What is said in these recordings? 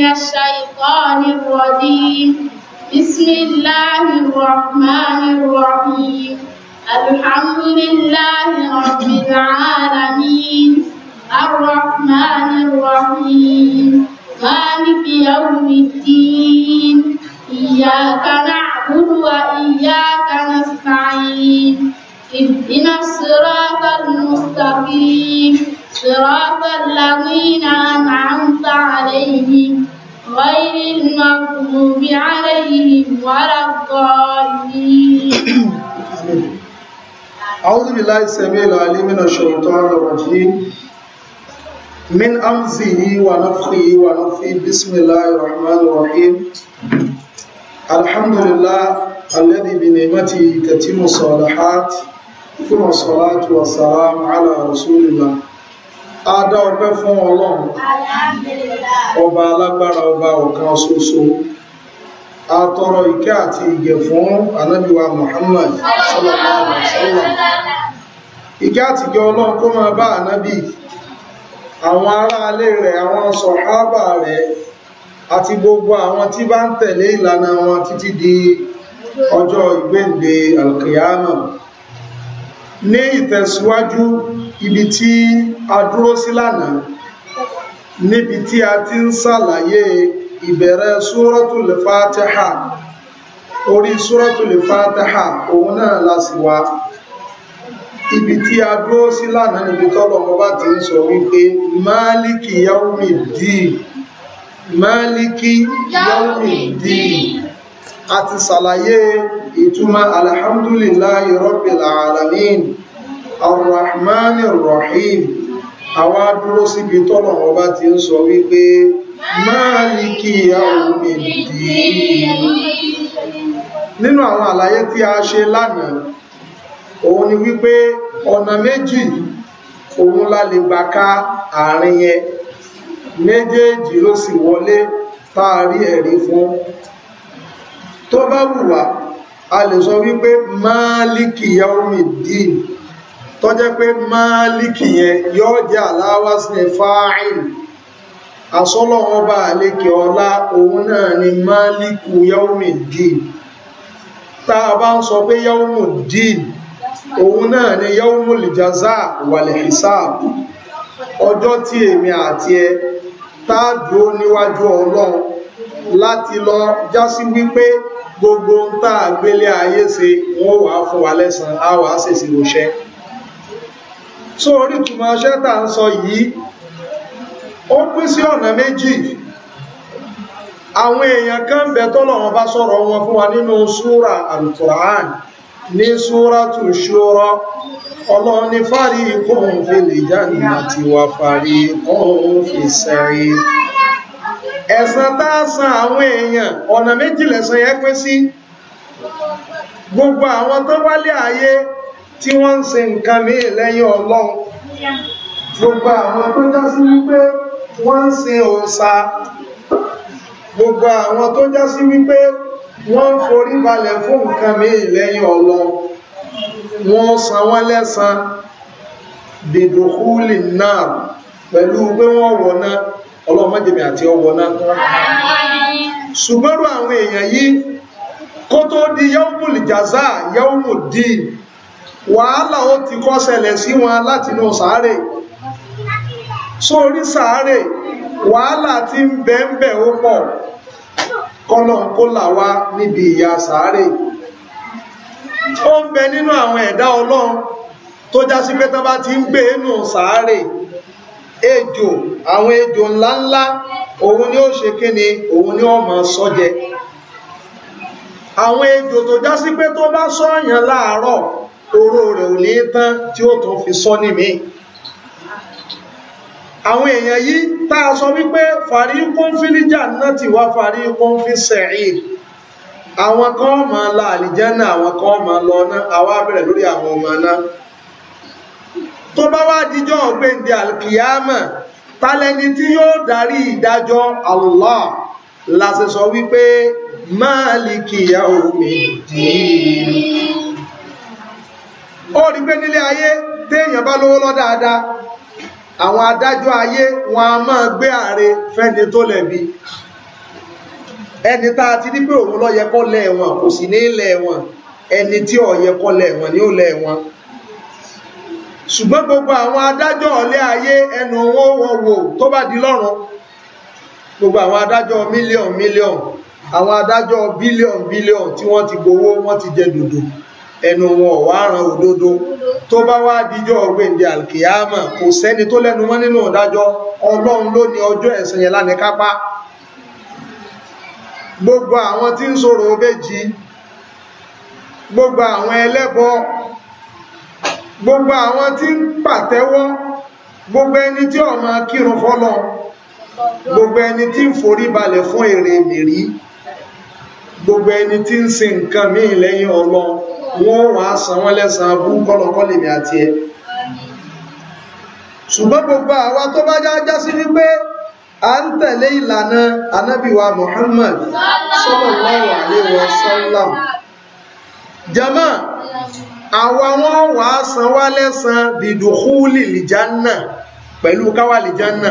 من الشيطان الرجيم بسم الله الرحمن الرحيم الحمد لله رب العالمين الرحمن الرحيم مالك يوم الدين إياك نعبد وإياك نستعين اهدنا الصراط المستقيم صراط الذين أنعمت عليهم غير المغضوب عليهم ولا الضالين أعوذ بالله السميع العليم من الشيطان الرجيم من أمزه ونفخه ونفخه بسم الله الرحمن الرحيم الحمد لله الذي بنعمته تتم الصالحات ثم الصلاة والسلام على رسول الله a dá ọpẹ́ fún ọlọ́run ọba alágbára ọba ọ̀kan ṣoṣo a tọrọ ìkẹ́ àti ìgẹ̀ fún anábíwa Muhammad sallallahu alaihi wasallam ìkẹ́ àti ìgẹ̀ ọlọ́run kó máa bá anábì àwọn aráalé rẹ̀ àwọn sọ̀hábà rẹ̀ àti gbogbo àwọn tí bá ń tẹ̀lé ìlànà wọn títí di ọjọ́ ìgbéǹde alkiyama ní ìtẹ̀síwájú ibi tí a dúró sí lánàá níbi tí a ti ń ṣàlàyé ìbẹ̀rẹ̀ Suratul Fatiha orí Suratul Fatiha òun náà la sì wá ibi tí a dúró sí lánàá níbi tọ́lọ̀ ọba ti ń sọ wípé máàlìkì yaumid din máàlìkì yaumid din a ti ṣàlàyé ìtumọ̀ alhamdulillahi rabbil alamin arrahmani rahim àwọn adúró síbi tọ́nà ọba ti ń sọ wípé máàlìkì yawmiddin nínú àwọn àlàyé tí a ṣe lánàá òun ni wípé ọ̀nà méjì òun la àárín yẹn méjèèjì ló sì wọlé táàrí ẹ̀rí fún tó bá wùwà a lè sọ wípé máàlìkì yaomi dín tó jẹ́ pé máàlìkì yẹn yóò jẹ́ aláwásílẹ̀ fáàìn asọ́lọ̀ ọba àlékè ọlá òun náà ni máàlìkù yaomi dín tá a bá ń sọ pé yaomi dín òun náà ni yaomi lìjàzá wàlẹ̀ ìsáàbù ọjọ́ tí èmi àti ẹ tá a dúró níwájú ọlọ́run láti lọ jásí wípé gbogbo ń tá àgbélé ayé ṣe wọ́n wà fún wa lẹ́san á wà ṣèṣì òṣẹ́ so orí túmọ̀ ọṣẹ́ tà ń sọ yìí ó pín sí ọ̀nà méjì àwọn èèyàn kan bẹ tọ́lọ̀wọ́n bá sọ̀rọ̀ wọn fún wa nínú súra alukuraan ní súra tù ṣúra ọlọ́run ní fàárí kóhun fi lè jáde àti wà fàárí kóhun fi sẹ́rí ẹ̀san tá a san àwọn èèyàn ọ̀nà méjì lẹ̀san yẹn pín sí gbogbo àwọn tó wálé ayé tí wọ́n ń ṣe nǹkan míì lẹ́yìn ọlọ́run gbogbo àwọn tó já sí wípé wọ́n ń sin òòṣà gbogbo àwọn tó já sí wípé wọ́n ń forí balẹ̀ fún nǹkan míì lẹ́yìn ọlọ́run wọ́n san wọ́n lẹ́san bìdòkúlì náà pẹ̀lú pé wọ́n wọ̀ náà ọlọ́run mọ́jẹ̀mí àti ọwọ́ náà ṣùgbọ́rọ̀ àwọn èèyàn yìí kó tó di yawmul jaza yawmul din wàhálà ó ti kọ́ ṣẹlẹ̀ sí wọn látinú sàárè sórí sàárè wàhálà ti ń bẹ́ ń bẹ̀ ó pọ̀ kọ́nà kó là wá níbi ìyà sàárè ó ń bẹ nínú àwọn ẹ̀dá ọlọ́run tó já sí pé tán bá ti ń gbé inú sàárè ejò àwọn ejò ńláńlá òun ni ó ṣe kíni òun ni ó sọ sọ́jẹ àwọn ejò tó já sí pé tó bá sọ́yàn láàárọ̀ oró rẹ̀ ò ní tán tí ó tún fi sọ ní mi àwọn èèyàn yìí tá sọ wípé náà ti wá àwọn la àwọn kan lọ ná lórí ọmọ náà tó bá wá dijọ́ ọ̀gbẹ́ndẹ̀ alkiyama tálẹ́ni tí yóò darí ìdájọ́ Allah láti sọ wípé máàlìkì yaomi dìínì ó rí pé nílé ayé téèyàn bá lówó lọ dáadáa àwọn adájọ́ ayé wọn a máa gbé àre fẹ́ni tó lẹ̀bi ẹni tá a ti ní pé òun ló yẹ kó lẹ̀ wọ̀n kò sì ní lẹ̀ wọ̀n ẹni tí ó yẹ kó lẹ̀ wọ̀n ni ó lẹ̀ wọ̀n ṣùgbọ́n gbogbo àwọn adájọ́ ọ̀lẹ́ ayé ẹnu wọn wọ́n wò tó bá di lọ́rùn gbogbo àwọn adájọ́ mílíọ̀n mílíọ̀n àwọn adájọ́ bílíọ̀n bílíọ̀n tí wọ́n ti gbowó wọ́n ti jẹ dòdò ẹnu wọn ọ̀wá ran òdodo tó bá wá díjọ́ ọgbẹ̀ndẹ̀ alkiyama kò sẹ́ni tó lẹ́nu mọ́ nínú ìdájọ́ ọlọ́run ló ní ọjọ́ ẹ̀san yẹn lánìí kápá gbogbo àwọn tí ń sọ̀rọ̀ obéjì gbogbo àwọn ẹlẹ́bọ gbogbo àwọn tí ń pàtẹ́wọ́ gbogbo ẹni tí ó máa kírun fọ́lọ́ gbogbo ẹni tí ń forí balẹ̀ fún èrè mìírí gbogbo ẹni tí ń sin nǹkan míì lẹ́yìn ọlọ wọ́n wà á san wọ́n lẹ́sàn abú kọ́lọ̀kọ́lẹ̀ mi àti ẹ ṣùgbọ́n gbogbo àwa tó bá já sí wípé a ń tẹ̀lé ìlànà anábìwa Muhammad sallallahu alaihi wasallam jama àwa wọn wà á san wá lẹ́san bìdùkúlì lìjánà pẹ̀lú káwà lìjánà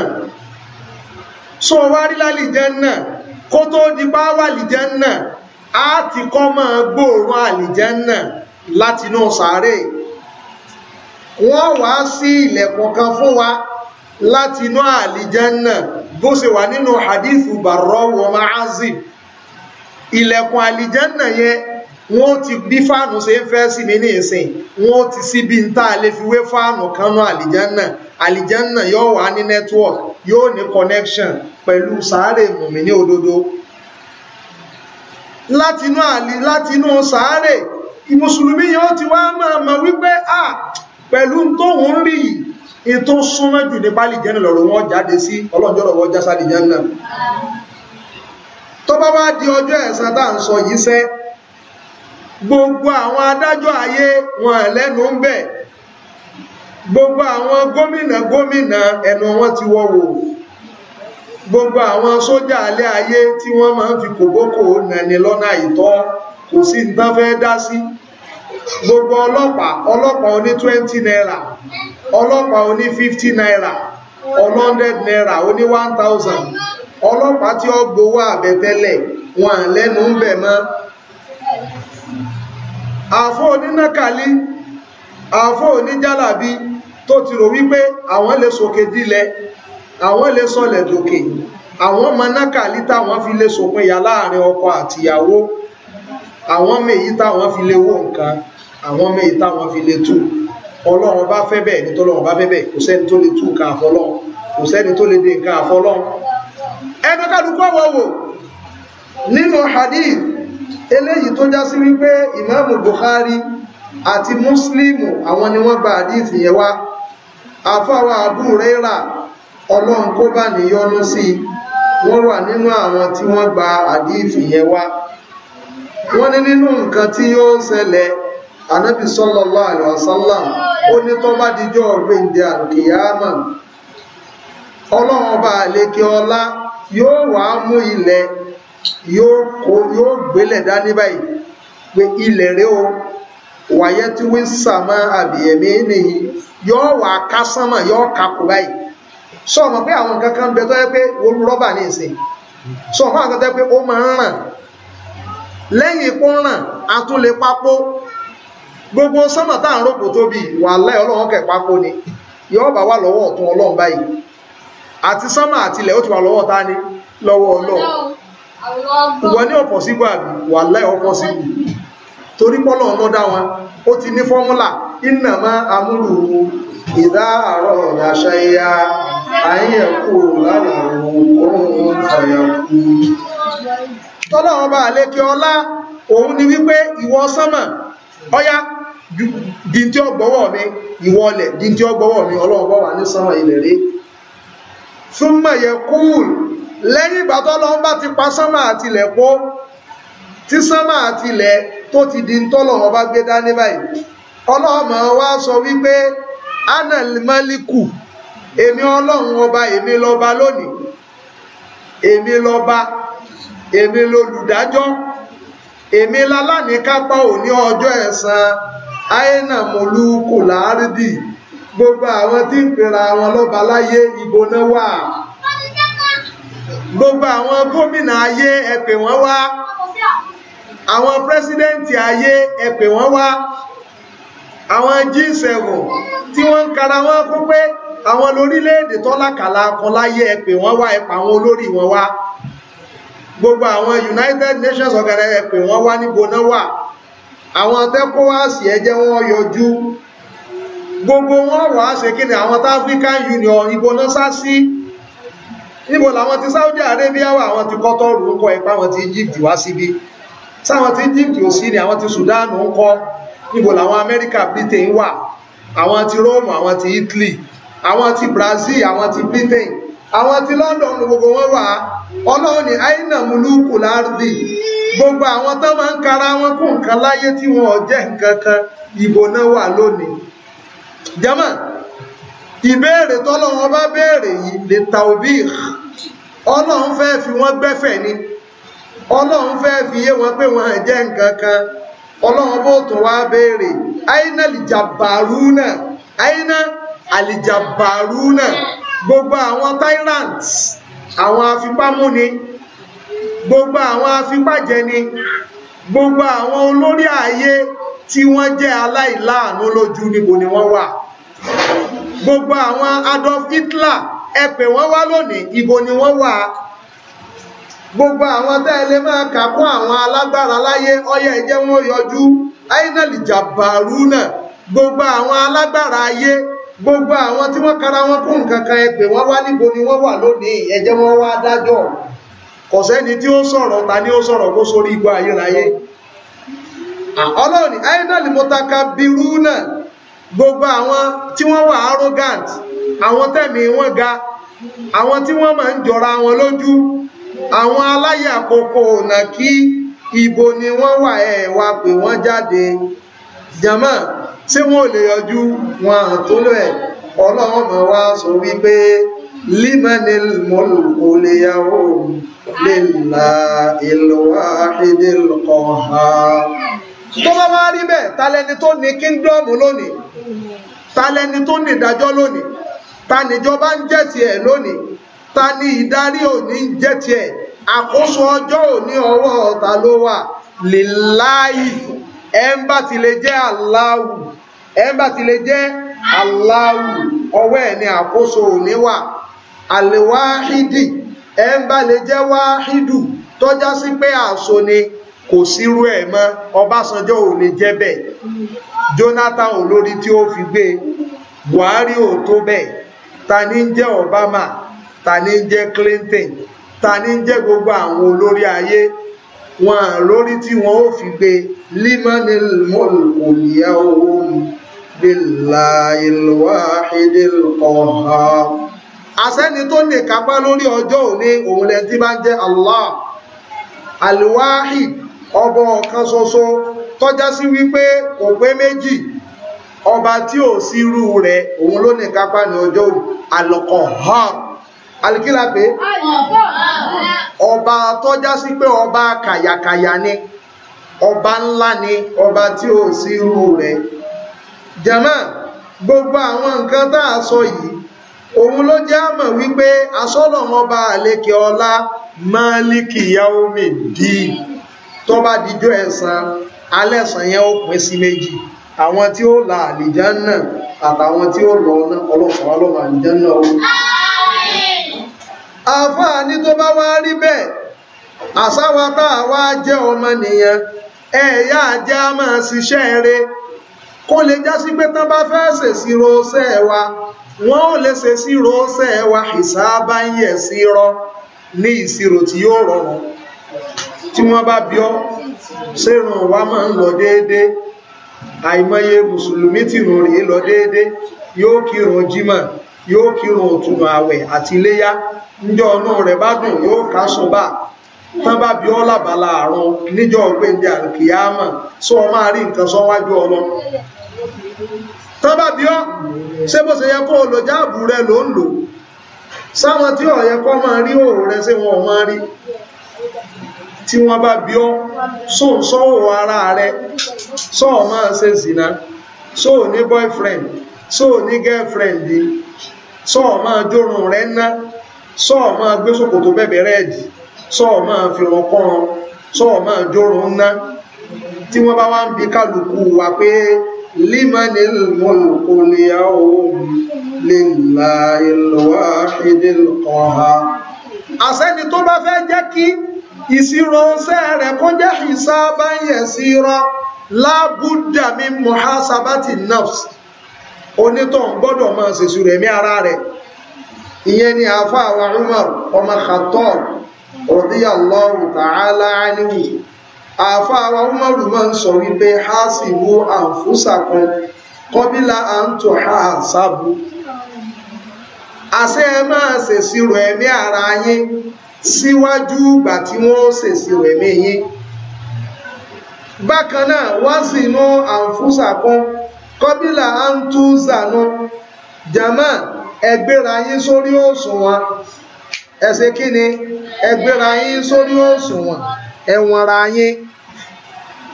so wá rí lálìjánà kó tó di bá wà lìjánà á ti kọ́ máa gbóòórùn àlìjánà látinú sàárè wọ́n wá sí ilẹ̀kùn kan fún wa láti inú àlìjánà bó ṣe wà nínú hadithu barrow wa ma'azib ilẹ̀kùn àlìjánà yẹn wọ́n ti bí fáànù ṣe ń fẹ́ sí mi ní ìsìn wọ́n ti síbi ń tá a lè fi wé fáànù kan náà àlìjánà àlìjánà yóò wà ní network yóò ní connection pẹ̀lú sàárè mùmí ní òdodo látinú àlì látinú sàárè mùsùlùmí yóò ti wá máa mọ̀ wípé à pẹ̀lú tóun rí yìí ètò súnmọ́ jù ní pálí jẹ́ lọ́rọ̀ wọn jáde sí ọlọ́jọ́rọ̀ wọn já sálì jẹ́ náà tó bá wá di ọjọ́ ẹ̀san tá à ń sọ yìí sẹ́ gbogbo àwọn adájọ́ ayé wọn lẹ́nu ń bẹ̀ gbogbo àwọn gómìnà gómìnà ẹnu wọn ti wọ́wọ́ gbogbo àwọn sójà alẹ́ ayé tí wọ́n máa ń fi kòbókò nàní lọ́nà àìtọ́ kò sí ní tán fẹ́ẹ́ dá sí gbogbo ọlọ́pàá ọlọ́pàá oní twenty naira ọlọ́pàá oní fifty naira one hundred naira oní one thousand ọlọ́pàá tí ó gbowó àbẹ̀tẹ́lẹ̀ wọn lẹ́nu ń bẹ̀ mọ́ àfọ́ onínàkàlí àfọ́ oníjàlàbí tó ti rò wípé àwọn lè sòkè dílẹ̀ àwọn lè sọlẹ̀ dòkè àwọn ọmọ nákàlí táwọn fi lè sòpin ya láàrin ọkọ àtìyàwó àwọn ọmọ èyí táwọn fi lè wó nǹkan àwọn ọmọ èyí táwọn fi lè tú ọlọ́run bá fẹ́ bẹ́ẹ̀ ní tọ́lọ́run bá fẹ́ bẹ́ẹ̀ kò sẹ́ni tó lè tú nǹkan àfọlọ́run kò sẹ́ni tó lè dé nǹkan àfọlọ́run ẹnu kálukú ọwọ́ nínú hadith eléyìí tó já sí wípé ìmáàmù Buhari àti Muslimu àwọn ni wọ́n gba àdíìsì yẹn wá àfáwà Abu Huraira ọlọ́run kó bá níyọnú sí wọ́n wà nínú àwọn tí wọ́n gba àdíìsì yẹn wá wọ́n ní nínú nǹkan tí yóò ṣẹlẹ̀ ó ní dijọ́ ọlọ́run ọba àlekè yóò gbélẹ̀ dání báyìí pé ilẹ̀ rẹ o wàyẹ tí wí sàmọ àbìyẹmí nìyí yóò wà ká yóò kakù báyìí sọ ma pé àwọn nǹkan kan bẹ tó yẹ pé wọn rọba ní ìsìn sọ ma pé àwọn nǹkan tó yẹ pé ó máa ń ràn lẹ́yìn kó ràn a papò gbogbo sánmà tá à ń rògbò tóbi wàhálà Ọlọ́run kẹ papò ni yóò bá wà lọ́wọ́ ọ̀tún Ọlọ́run báyìí àti sánmà àtilẹ̀ ó ti wà lọ́wọ́ ta ni lọ́wọ́ Ọlọ́run ìwọ ní ọ̀pọ̀ síbò àbí wà láì ọ̀pọ̀ síbò torí pọ́lọ̀ ọlọ́dá wọn ó ti ní fọ́múlà iná máa amúrù ìdá àárọ̀ ìyàṣẹ́ ya àyẹ̀kù láwọn ohun ọ̀yàkù tọ́lọ̀ ọba àlékẹ́ òun ni wípé ìwọ sánmà lẹ́yìn ìgbà tó lọ́n bá ti pa sánmà àtilẹ̀ pó tí sánmà àtilẹ̀ tó ti di tọ́lọ̀ wọn bá gbé dání báyìí ọlọ́mọ wa sọ wípé anal maliku èmi ọlọ́run ọba èmi lọ́ba lónìí èmi lọ́ba èmi lolùdájọ́ èmi lálánìkápá òní ọjọ́ ẹ̀san àìnà mọ̀lúkù láàrídì gbogbo àwọn tí ń pera wọn lọ́ba láyé ìbóná wà gbogbo àwọn gómìnà ayé ẹ pè wọ́n wá àwọn pírẹsidẹ́ǹtì ayé ẹ pè wọ́n wá àwọn G7 tí wọ́n ń kara wọn kó pé àwọn lórílẹ̀-èdè tọ́lákàlà kan láyé ẹ wọ́n wá ẹ àwọn olórí wọn wá gbogbo àwọn United Nations Organization ẹ pè wọ́n wá níbo náà wà àwọn tẹ́kọ́wáàsì ẹ jẹ́ wọ́n yọjú gbogbo wọn wàá ṣe kí ni àwọn African Union ibo náà sá sí. Si ibo làwọn ti Saudi Arabia wà àwọn ti kọ́tọ́rù ń kọ ipa àwọn ti Egypt wá síbi sáwọn ti Egypt ò sí ni àwọn ti Sudan ń kọ ibo làwọn America Britain wà àwọn ti Rome àwọn ti Italy àwọn ti Brazil àwọn ti Britain àwọn ti London gbogbo wọn wà ọlọ́run ní aina muluku lardi gbogbo àwọn tó máa ń kara wọn kún nǹkan láyé tí wọn ò jẹ́ nǹkan kan ìbò náà wà lónìí jama ìbéèrè tọ́lọ́wọ́n bá béèrè yìí lè tàbí ọlọ́run fẹ́ fi wọ́n gbẹ́fẹ̀ ni ọlọ́run fẹ́ fi yé wọn pé wọn jẹ́ nǹkan kan ọlọ́run bó tún wá béèrè àyínà lìjàbàrú náà àyínà àlìjàbàrú náà gbogbo àwọn tyrants àwọn afipámúni gbogbo àwọn afipájẹni gbogbo àwọn olórí ayé tí wọ́n jẹ́ aláìláàánú lójú níbo ni wọ́n wà gbogbo àwọn Adolf Hitler ẹ wọn wá lónìí ìbò ni wọn wà gbogbo àwọn tẹ́lẹ̀ máa kà kàkún àwọn alágbára láyé ọyẹ ẹ̀jẹ̀ wọn yọjú ainal jabaru náà gbogbo àwọn alágbára ayé gbogbo àwọn tí wọ́n kara wọn kún nǹkan kan ẹ pè wá níbo ni wọn wà lónìí ẹ wọn wá dájọ́ kò tí ó sọ̀rọ̀ ta ni ó sọ̀rọ̀ kó sórí igbó ayérayé ah, ọlọ́ọ̀ni ainal mutaka biru náà gbogbo àwọn tí wọ́n wà arrogant àwọn tẹ̀mí wọn ga àwọn tí wọ́n máa ń jọra wọn lójú àwọn aláyà kòkò ọ̀nà kí ibo ni wọ́n wà ẹ̀ wá pé wọ́n jáde jama ṣé wọn ò lè yọjú wọn àtúnlò ẹ̀ ọlọ́run mọ̀ wá sọ wípé limanil mulku liyawo lillahi alwahidil qahhar tó bá wá rí bẹ́ẹ̀ ta lẹni tó ní kíndọ́ọ̀mù lónìí ta lẹni tó ní ìdájọ́ lónìí tanìjọba ń jẹ́ tiẹ̀ lónìí tani ìdarí òní ń jẹ́ tiẹ̀ àkóso ọjọ́ òní ọwọ́ ọ̀tá ló wà lèláì ẹ̀ńbà ti lè jẹ́ aláwù ẹ̀ńbà ti lè jẹ́ aláwù ọwọ́ ẹ̀ ni àkóso òní wà àlèwáhídì ẹ̀ńbà lè jẹ́ wáhídù tọ́já sí pé àṣọ ni kò sírú ẹ̀ mọ́ Ọbásanjọ́ ò lè jẹ́ bẹ́ẹ̀ Jonathan olórí tí ó fi gbé Buhari ò tó bẹ́ẹ̀ ta ní ń jẹ́ Obama ta ní ń jẹ́ Clinton ta ní ń jẹ́ gbogbo àwọn olórí ayé wọn lórí tí wọn ó fi gbé limani mọlùmọlìyà owó bíláìlúwàhídìl ọ̀hà. àsẹ́ni tó lè kápá lórí ọjọ́ òní òun lẹ́ni tí bá ń jẹ́ Allah alwahid ọbọ̀ kan ṣoṣo tọ́já sí wípé kò pé méjì ọba tí ò sí sírú rẹ̀ òun ló ní kápá ní ọjọ́ alcohol alikila pé ọba tọjá sí pé ọba kàyàkàyà ni ọba ńlá ni ọba tí ò sí sírú rẹ̀ jama gbogbo àwọn nǹkan tá a sọ yìí òun ló jẹ́ àmọ̀ wípé asọ́lọ̀ ọba àlékè ọlá máàlìkì ìyàwó mi dì tó bá dijọ́ ẹ̀san alẹ́sàn yẹn ó pín sí méjì. àwọn tí ó la àlìjánà àtàwọn tí ó lọ ọlọ́pàá ọlọ́pàá àlìjánà o àfáà ní tó bá wá rí bẹ́ẹ̀ àsáwátá wá jẹ́ ọmọnìyàn ẹ̀yà ajá máa ṣiṣẹ́ rẹ̀ kó lè jásí pé tán bá fẹ́ ṣèṣirò ṣẹ́ wa wọ́n ò lè ṣèṣirò ṣẹ́ wa ìsáábá ń yẹ̀ sí rọ ní ìṣirò tí yóò rọrùn tí wọ́n bá bí ọ ṣèrùn wa máa ń lọ déédéé àìmọye mùsùlùmí tìrùn rèé lọ déédé yóò kírun jímọ̀ yóò kírun òtùnú àwẹ̀ àti iléyá níjọ́ ọ̀nà rẹ̀ bá dùn yóò ká sọ́bà tán bá bí ọ́ làbàlà àrùn níjọ́ ọ̀gbẹ́ndé àlùkìyámà sọ ọ máa rí nǹkan sọ́wájú ọlọ tán bá bí ọ́ ṣé bó ṣe yẹ o jáàbù rẹ sáwọn tí rí òòrùn rẹ ṣé wọn ò máa rí tí wọ́n bá bí ọ́ sóòsọ́wọ́ ara rẹ̀ sóò máa ṣe zìnà sóò ní boyfriend sóò ní girlfriend sóò máa jórun rẹ̀ ná sóò máa gbé ṣòkòtò bẹ̀bẹ̀ rẹ́ẹ̀dì sóò máa fi ràn kọ́run sóò máa jórun ná tí wọ́n bá wá ń bi kálukú wa pé límọ̀nì mọ̀lùkù ni a ó lè la ìlú ha àṣẹ́ni tó bá fẹ́ jẹ́ kí ìṣirò iṣẹ́ rẹ̀ kó jẹ́ hisaban yasira lábúdà min muhasabati nafs onítọ̀hún gbọ́dọ̀ máa ṣèṣù rẹ̀ mí ara rẹ̀ ìyẹn ni àáfà àwọn Umar ọmọ Khattab radiyallahu ta'ala anhu àáfà àwọn Umar máa ń sọ wípé hasibu anfusakum qabila an tuhasabu àṣẹ máa ṣèṣirò ẹ̀mí ara yín síwájú ìgbà tí wọ́n ṣèṣì rẹ̀mí yín bákan náà wọ́n sì mú àǹfúsà kan kọ́bílà àǹtúzànú jama ẹgbẹ́ra yín sórí òṣùwọ̀n ẹ̀sẹ̀ kí ni ẹgbẹ́ra yín sórí òṣùwọ̀n ẹ̀wọ̀nra yín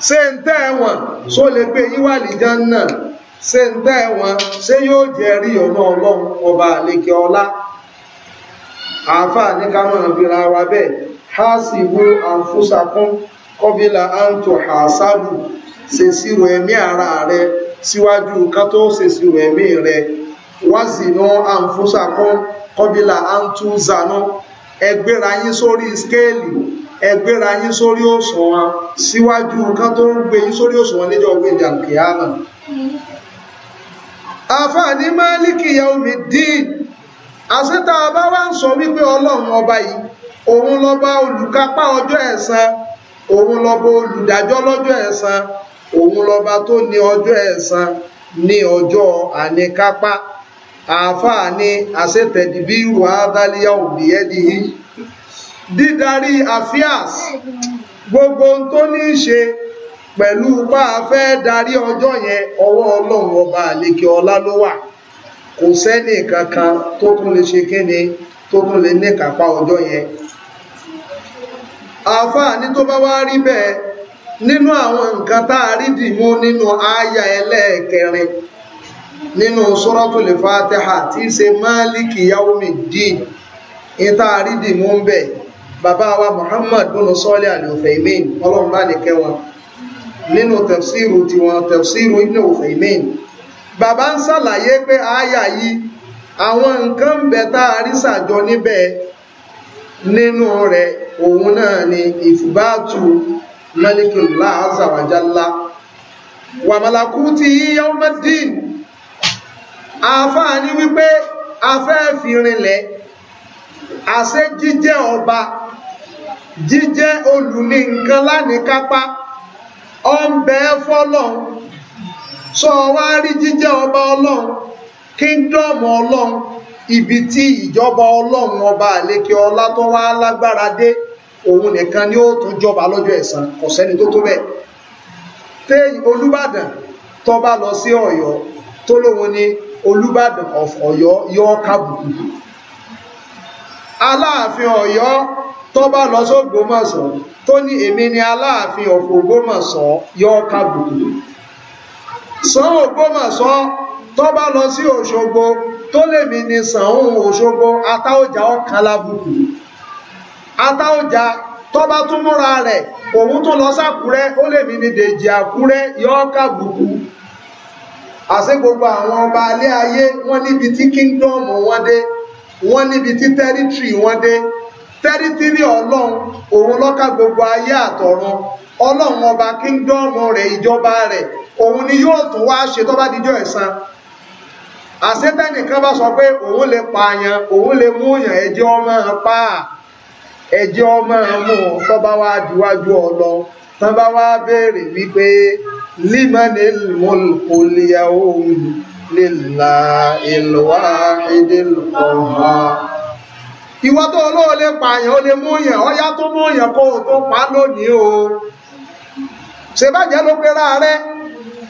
ṣé ń tẹ́ ẹ̀wọ̀n só lè gbé yín wà lìjà náà ṣé ń tẹ́ ẹ̀wọ̀n ṣé yóò jẹ́ rí ọ̀nà ọlọ́run ọba àlekè ọlá àáfàá ní ká mọ̀ ìgbìra wa bẹ́ẹ̀ ha sì wo àǹfúsakún kọ́bílà àǹtò àṣàbù ṣe sírò ẹ̀mí ara rẹ síwájú ká tó ṣe sírò ẹ̀mí rẹ wá sì ná àǹfúsakún kọ́bílà àǹtò zanú ẹgbéra yín sórí skéèlì ẹgbéra yín sórí òṣùwọ̀n síwájú ká tó ń gbé yín sórí òṣùwọ̀n níjọ́ gbẹ̀dẹ̀ àkìyàmà àfààní máàlìkì yawmi dín àṣetà ọba wa ń sọ wípé ọlọ́run ọba yìí òun lọ́ba olùkápá ọjọ́ ẹ̀san òun lọ́ba olùdájọ́ lọ́jọ́ ẹ̀san òun lọ́ba tó ní ọjọ́ ẹ̀san ní ọjọ́ àníkápá àáfàá ní àṣetẹ̀dìbí ìwà adálíyá òbíyẹ́dì yìí dídarí àfíàs gbogbo ohun tó ní í ṣe pẹ̀lú bá a fẹ́ darí ọjọ́ yẹn ọwọ́ ọlọ́run ọba àlekè ọlá ló wà kò sẹ́nì kankan tó tún lè ṣe kíni tó tún lè ní kápá ọjọ́ yẹn àfáà ní tó bá wá rí bẹ́ẹ̀ nínú àwọn nǹkan tá a rí dìmú nínú àyà ẹlẹ́ẹ̀kẹrin nínú Suratul Fatiha tí í ṣe Maliki Yawmiddin ìta a rí dìmú ń bẹ̀ bàbá wa Muhammad bin Salih Al-Uthaymeen ọlọ́run bá nìkẹ́ wọn nínú tafsiru tiwọn tafsiru Ibn Uthaymeen bàbá ń ṣàlàyé pé àáyà yìí àwọn nǹkan ń bẹ tá a rí sàjọ níbẹ̀ nínú rẹ̀ òun náà ni ìfúbáàtù mẹ́líkìlá àzàwájálá wàmàlàkú ti yíyá mẹ́dín àfáàní wípé afẹ́ fi rinlẹ̀ àṣẹ jíjẹ́ ọba jíjẹ́ olùní nǹkan lánìkápá ọ̀nbẹ́ fọ́lọ́hún sọ wá rí jíjẹ́ ọba ọlọ́run kíngdọ́ọ̀mù ọlọ́run ibi tí ìjọba ọlọ́run ọba àlékè ọlá tó wá lágbára dé òun nìkan ni ó tún jọba lọ́jọ́ ẹ̀san kò sẹ́ni tó tó bẹ́ẹ̀ tẹ olúbàdàn tó bá lọ sí ọ̀yọ́ tó lóun ni olúbàdàn of ọ̀yọ́ yọ kábùkù aláàfin ọ̀yọ́ tó bá lọ sógbómọ̀ṣọ́ tó ní èmi ni aláàfin of ògbómọ̀ṣọ́ yọ kábùkù sàn Ògbómọ̀ṣọ́ tó bá lọ sí Òṣogbo tó lè mi ni sàn òun Òṣogbo atáòjà ọkàn lábùkù atáòjà tó bá tún múra rẹ̀ òun tún lọ sákúrẹ́ ó lè mi ni Dèjì Àkúrẹ́ yọ kàbùkù àṣẹ gbogbo àwọn ọba alẹ́ ayé wọ́n níbi tí kíngdọ́ọ̀mù wọn dé wọ́n níbi tí tẹ́rítírì wọn dé tẹ́rítírì ọlọ́run òun lọ́ka gbogbo ayé àtọ̀run ọlọ́run ọba kíngdọ́ọ̀mù rẹ̀ ìjọba rẹ̀ òun ni yóò tún wá ṣe tó bá dijọ́ ẹ̀san àṣetẹ́nìkan bá sọ pé òun lè pààyàn òun lè múyàn ẹjẹ́ ọmọ pa ẹjẹ́ ọmọ mú tó bá wá diwájú ọlọ tó bá wá béèrè wípé limanil mulku liyawm lillahil wahidil qahhar ìwọ tó olóò lè pààyàn ó lè múyàn ọyá tó múyàn kó o tó pa lónìí o ṣèbàjẹ́ ló pé láàárẹ̀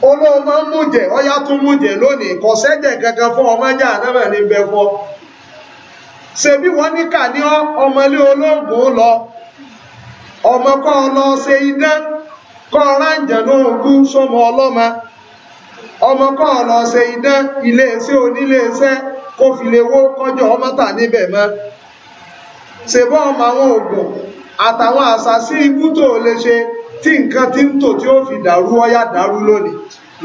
olóòmọ mújẹ ọyá tún mújẹ lónìí kò sẹ́jẹ̀ kankan fún ọmọ jà náà ní bẹ fọ ṣebí wọn ní kà ní ọmọlé olóògùn lọ ọmọ kọ lọ ṣe kọ ránjẹ lóògù sọmọ ọlọmọ ọmọ kọ lọ ṣe kọjọ ọmọ tà ọmọ àwọn oògùn àtàwọn àṣà sí ibú tí nǹkan tí ń tò tí ó fi dàrú ọyá dàrú lónìí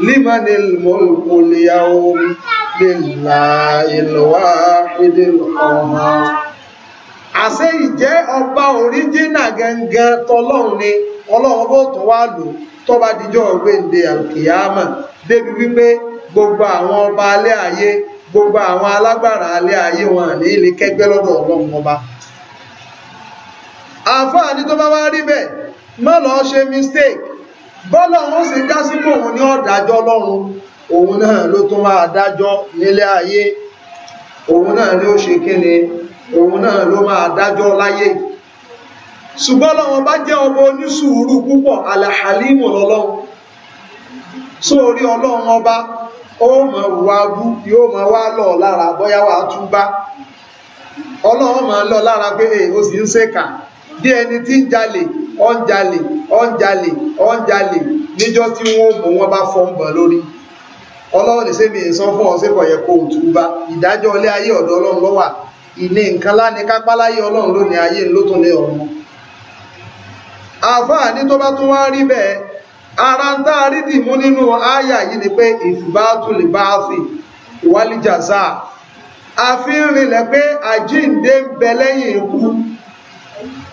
lima ni mọ̀lùkùnlẹ̀yà omi lèlà ìlọ́wà èdè ọ̀hún. àṣẹ ìjẹ́ ọba oríjìnà gangan tọlọ́run ni ọlọ́run bó tó wá lò tó bá dijọ́ gbéǹde àkìyámà débi wípé gbogbo àwọn ọba alẹ́ ayé gbogbo àwọn alágbára alẹ́ ayé wọn ní ilé kẹgbẹ́ lọ́dọ̀ ọlọ́run ọba. àǹfààní tó bá wá rí bẹ́ẹ̀ má lọ ṣe mistake bọ́lá òun sì dásíkò òun ní ọ̀dájọ́ lọ́run òun náà ló tún máa dájọ́ nílé ayé òun náà ló ṣe kíni òun náà ló máa dájọ́ láyé ṣùgbọ́n lọ́wọ́n bá jẹ́ ọmọ onísùúrù púpọ̀ lọ́lọ́run sórí ọlọ́run ọba ó mọ̀ wá bú yóò wá lọ lára bóyá wàá tún bá ọlọ́run lọ lára pé ó sì ń ṣèkà bí ẹni tí ń jalè ó ń jalè ó ń jalè ó ń jalè níjọ́ tí wọ́n mú wọn bá fọ́nbọ̀n lórí ọlọ́run ní sẹ́mi ìsan fún ọ sípò yẹ kó tù bá ìdájọ́ ilé ayé ọ̀dọ̀ ọlọ́run ló wà ìní nǹkan láni kápá láyé ọlọ́run lónìí ayé ló tún lé ọ̀run àfáàní tó bá tún wá rí bẹ́ẹ̀ ara ń tá a rí dìmú nínú àyà yìí ni pé ìfìbátulè bá a fi wálíjà sáà a fi ń rinlẹ̀ pé àjíǹde ń bẹ lẹ́yìn ikú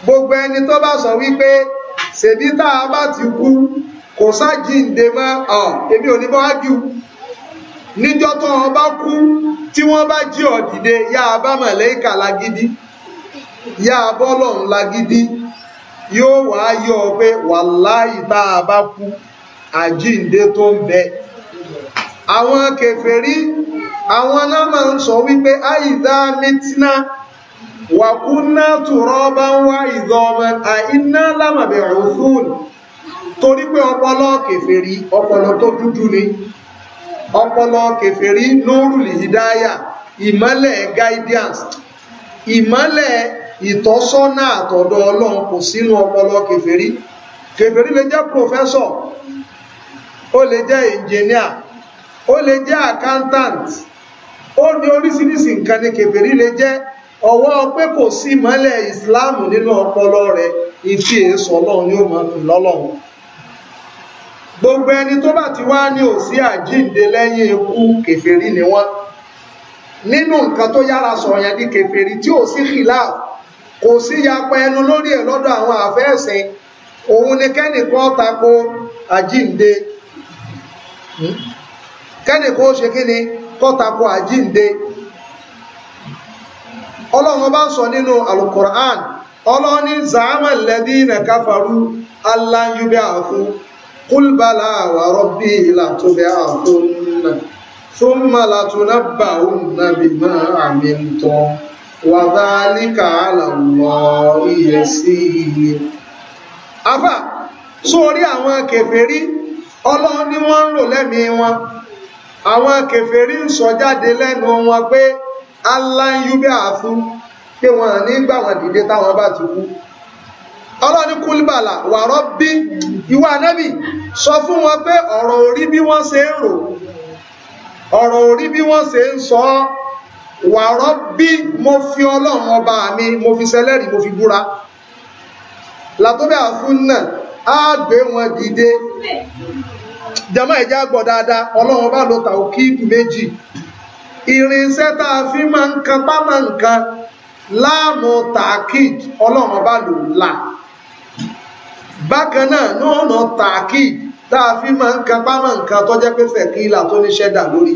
gbogbo ẹni tó bá sọ wípé ṣèbí tá a bá ti kú kò sájínde mọ́ ọ èmi ò ní bá wájú níjọ́ tó wọn bá kú tí wọ́n bá jí ọ dìde yá a bá màlẹ́kà lágídí yá a bọ́ lọ́hùn lágídí yóò wá yọ ọ pé wàláì tá a bá kú àjínde tó ń bẹ àwọn kèfèrí àwọn náà máa ń sọ wípé àìdá mítínà wa kunna turaban wa idhaman a inna lamab'uthun torí pé ọpọlọ kèfèrí ọpọlọ tó dúdú ni ọpọlọ kèfèrí nurul hidaya ìmọ́lẹ̀ guidance imale itosona àtọ̀dọ̀ ọlọ́run kò sínú ọpọlọ kèfèrí kèfèrí lè jẹ́ pòfẹ́sọ̀ ó lè jẹ́ ìnjìníà ó lè jẹ́ accountant o ni oríṣiríṣi nǹkan ni kèfèrí lè jẹ́ ọwọ́ pé kò sí ìmọ́lẹ̀ ìsìláàmù nínú ọpọlọ rẹ̀ ìfi èso ọlọ́run yóò máa fi lọ́lọ́run gbogbo ẹni tó bá ti wá ní òsí àjíǹde lẹ́yìn ikú kèfèrí ni wọ́n nínú nǹkan tó yára sọ̀rọ̀ yẹn di kèfèrí tí ò sí kìlá kò sí yapa ẹnu lórí ẹ̀ lọ́dọ̀ àwọn àfẹ́ẹ̀sìn òun ni kẹ́nìkan tako àjíǹde hmm? kẹ́nìkan ó ṣe kí ni kọ́ tako àjíǹde ọlọ́run bá ń sọ nínú alukur'an ọlọ́run ní zàámà lẹ́bí nà káfàrú aláyúbẹ́ àfún kúlbàlà wa rabbi ìlàtúbẹ́ àfún nà thumma latunabba'unna bima amiltum wa dhalika 'ala Allahi yasir afá sórí àwọn kèfèrí ọlọ́run ni wọ́n ń lò lẹ́mìí wọn àwọn kèfèrí ń sọ jáde lẹ́nu wọn pé aláyúbẹ́ àfún pé wọn ní gbà wọn dìde táwọn bá ti kú ọlọ́ni kúlbàlà wàrọ́ bí ìwà anábì sọ fún wọn pé ọ̀rọ̀ orí bí wọ́n ṣe ń rò ọ̀rọ̀ orí bí wọ́n ṣe ń sọ ọ́ wàrọ́ bí mo fi ọlọ́run ọba mi mo fi ṣẹlẹ́rì mo fi búra látọ́bẹ̀ àfún náà á gbé wọn dìde jama ìjà gbọ́ dáadáa ọlọ́run ọba ló ta òkìdù méjì irinṣẹ́ tá a fi máa ń kan bá máa ń kan láàmú taakid ọlọ́run bá lò ńlá bákan náà nóònà taakid tá a fi máa ń kan bá máa ń kan tó jẹ́ pé fẹ̀kìlà tó níṣẹ́ dà lórí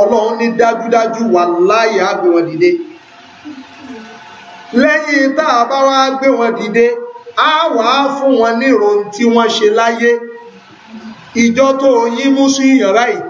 ọlọ́run ní dájúdájú wà láàyè á gbé wọn dìde lẹ́yìn tá a bá wá gbé wọn dìde á wàá fún wọn ní ìròyìn tí wọ́n ṣe láyé ìjọ tó yín mú sí yàrá yìí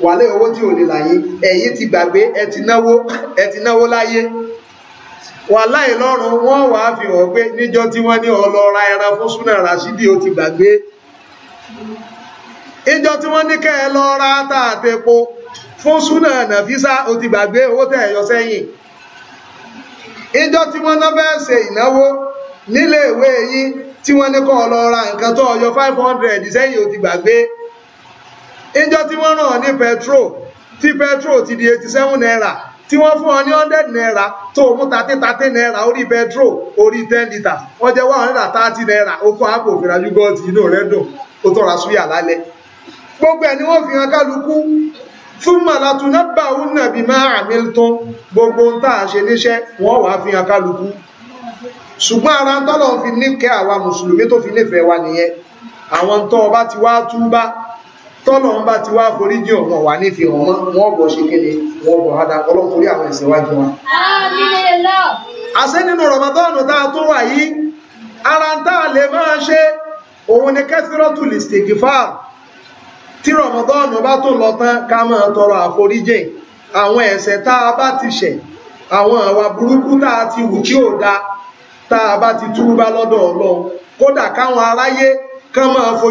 wàlẹ́ owó tí ò lè láyé ẹ̀yin ti gbàgbé ẹ ti náwó ẹ ti náwó láyé wàláì lọ́rùn wọ́n wàá fi hàn pé níjọ́ tí wọ́n ní ọlọ́ra ẹran fún súnà rásídì ó ti gbàgbé ìjọ tí wọ́n ní kẹ́ ẹ lọ ra ata àtepo fún súnà nàfísà ó ti gbàgbé owó tẹ̀ yọ sẹ́yìn ìjọ tí wọ́n náà fẹ́ ṣe ìnáwó nílé yín tí wọ́n ní kọ́ ọ nǹkan tó ọyọ five hundred sẹ́yìn ó ti gbàgbé níjọ́ tí wọ́n ràn ní petrol tí petrol ti di eighty seven naira tí wọ́n fún ọ ní hundred naira tó mú thirty thirty naira orí petrol orí ten litre wọ́n jẹ́ one hundred thirty naira ó fún apple òfìràjú gọ́ọ̀tì inú rẹ̀ dùn ó tọ́ra súyà lálẹ́ gbogbo ẹ̀ ni wọ́n fi hàn kálukú túmọ̀ látúnábà ó nàbí máa àmì tán gbogbo ń tàà ṣe níṣẹ́ wọ́n wàá fi hàn kálukú ṣùgbọ́n ara tọ́lọ̀ fi níkẹ́ àwa mùsùlùmí tó fi nífẹ̀ẹ́ wa nìyẹn àwọn tó bá ti wá túbá tọ́lọ̀ bá ti wá forí jí ọ̀wọ̀n wà ní fi ọ̀wọ́n wọ́n bọ̀ ṣe kéde wọ́n bọ̀ hádá ọlọ́kùnrin nínú Ramadan tá tó wà yìí ara n tá a lè máa ṣe òun ni lè tí rọ̀mọ́tọ́ọ̀nù bá lọ tán ká máa tọrọ àforíjì àwọn ẹ̀sẹ̀ tá bá ti ṣẹ̀ àwọn àwa burúkú tá a wù kí ó da tá bá ti lọ́dọ̀ Ọlọ́run kódà káwọn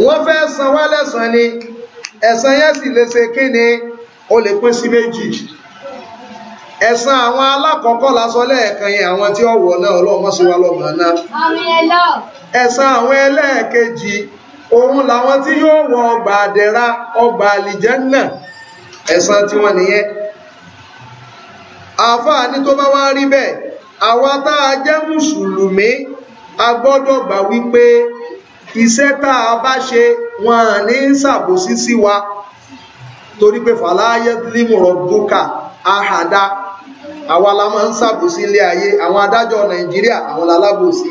wọ́n fẹ́ san wá lẹ́san ni ẹ̀san yẹn sì lè ṣe kí ni ó lè pín sí méjì ẹ̀san àwọn alákọ̀ọ́kọ́ lásọ lẹ́ẹ̀kan yẹn àwọn tí ó wọ̀ náà ọlọ́mọ sí wa lọ́mọ náà ẹ̀san àwọn ẹlẹ́ẹ̀kejì òun làwọn tí yóò wọ ọgbà àdẹ́ra ọgbà àlìjẹ́nnà ẹ̀san tí wọ́n nìyẹn àfáà ní tó bá wá rí bẹ́ẹ̀ àwa tá a jẹ́ mùsùlùmí a gbọ́dọ̀ gbà wípé iṣẹ́ tá a bá ṣe wọn ní ṣàbòsí sí wa torí pé fàlàyé límù rọ̀bùkà àhàdá àwa la máa ń ṣàbòsí ilé ayé àwọn adájọ́ nàìjíríà àwọn lalábòsí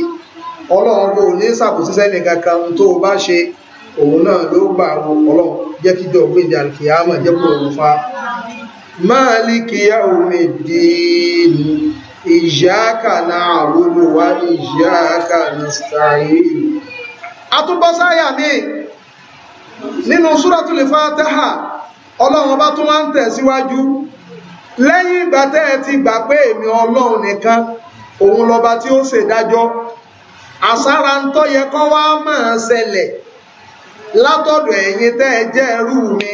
ọlọ́run kò ní ṣàbòsí sẹ́ni kankan tó o bá ṣe òun náà ló gbà wọ ọlọ́run jẹ́ jẹ́ fa máa lè kíyà omi náà atúbọ́sáyà mi nínú súratul Fatiha ọlọ́run bá tún máa ń tẹ̀síwájú lẹ́yìn ìgbà tẹ́ ẹ ti gbà pé èmi ọlọ́run nìkan òun lọba tí ó ṣèdájọ́ àsára ń tọ́ yẹ kọ́ wá máa ṣẹlẹ̀ látọ̀dọ̀ ẹ̀yin tẹ́ jẹ́ ẹrú mi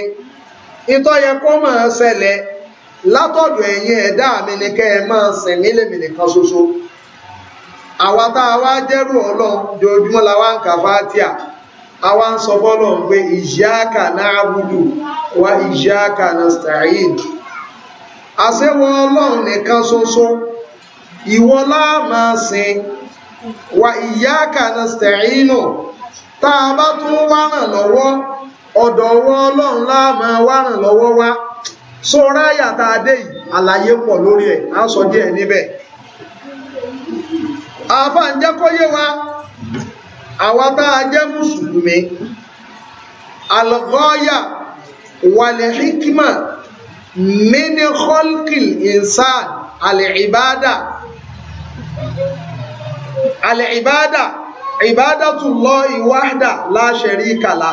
ìtọ́ yẹ kọ́ máa ṣẹlẹ̀ látọ̀dọ̀ ẹ̀yin ẹ̀dá mi ni kẹ́ ẹ máa sìn mí nìkan ṣoṣo. àwa tá a wá jẹ́rù ọlọ́run jojúmọ́ la wá ń kà fátíà a wá ń sọ fọ́lọ̀ ń pé iyyaka na'budu wa iyyaka nasta'in àṣewọ ọlọ́run nìkan ṣoṣo ìwọ la máa sìn wa iyyaka nasta'inu tá a bá tún wá ràn lọ́wọ́ ọ̀dọ̀ ọwọ́ ọlọ́run la máa wá ràn lọ́wọ́ wá sóra yàtà adé yìí àlàyé pọ̀ lórí ẹ̀ á sọ díẹ̀ níbẹ̀ àfa ń jẹ́ kó yé wa àwa bá a jẹ́ mùsùlùmí alghaya walhikma min kholqil insan alibada alibada ibadatullahi wahda la sharika la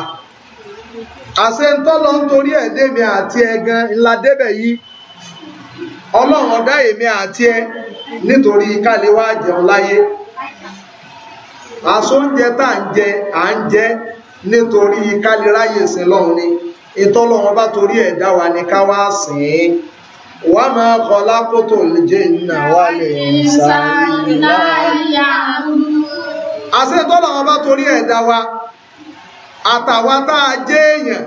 àṣẹntọ́lọ́ ń torí ẹ̀dẹ́mi àti ẹ̀gan ńlá débẹ̀ yìí ọlọ́run nítorí kálẹ̀ wá jẹun láyé àsóúnjẹ tá ń jẹ à ń jẹ nítorí kálẹ̀ sìn lọ́hun ni ìtọ́lọ́hun bá torí ẹ̀ dá wa ní ká wá sìn ín wà máa kọ lákòtò lè jẹ́ ìnà wà lè sàárìláyà àṣẹ tọ́lọ́hun bá torí ẹ̀ dá wa àtàwa tá a jẹ́ èèyàn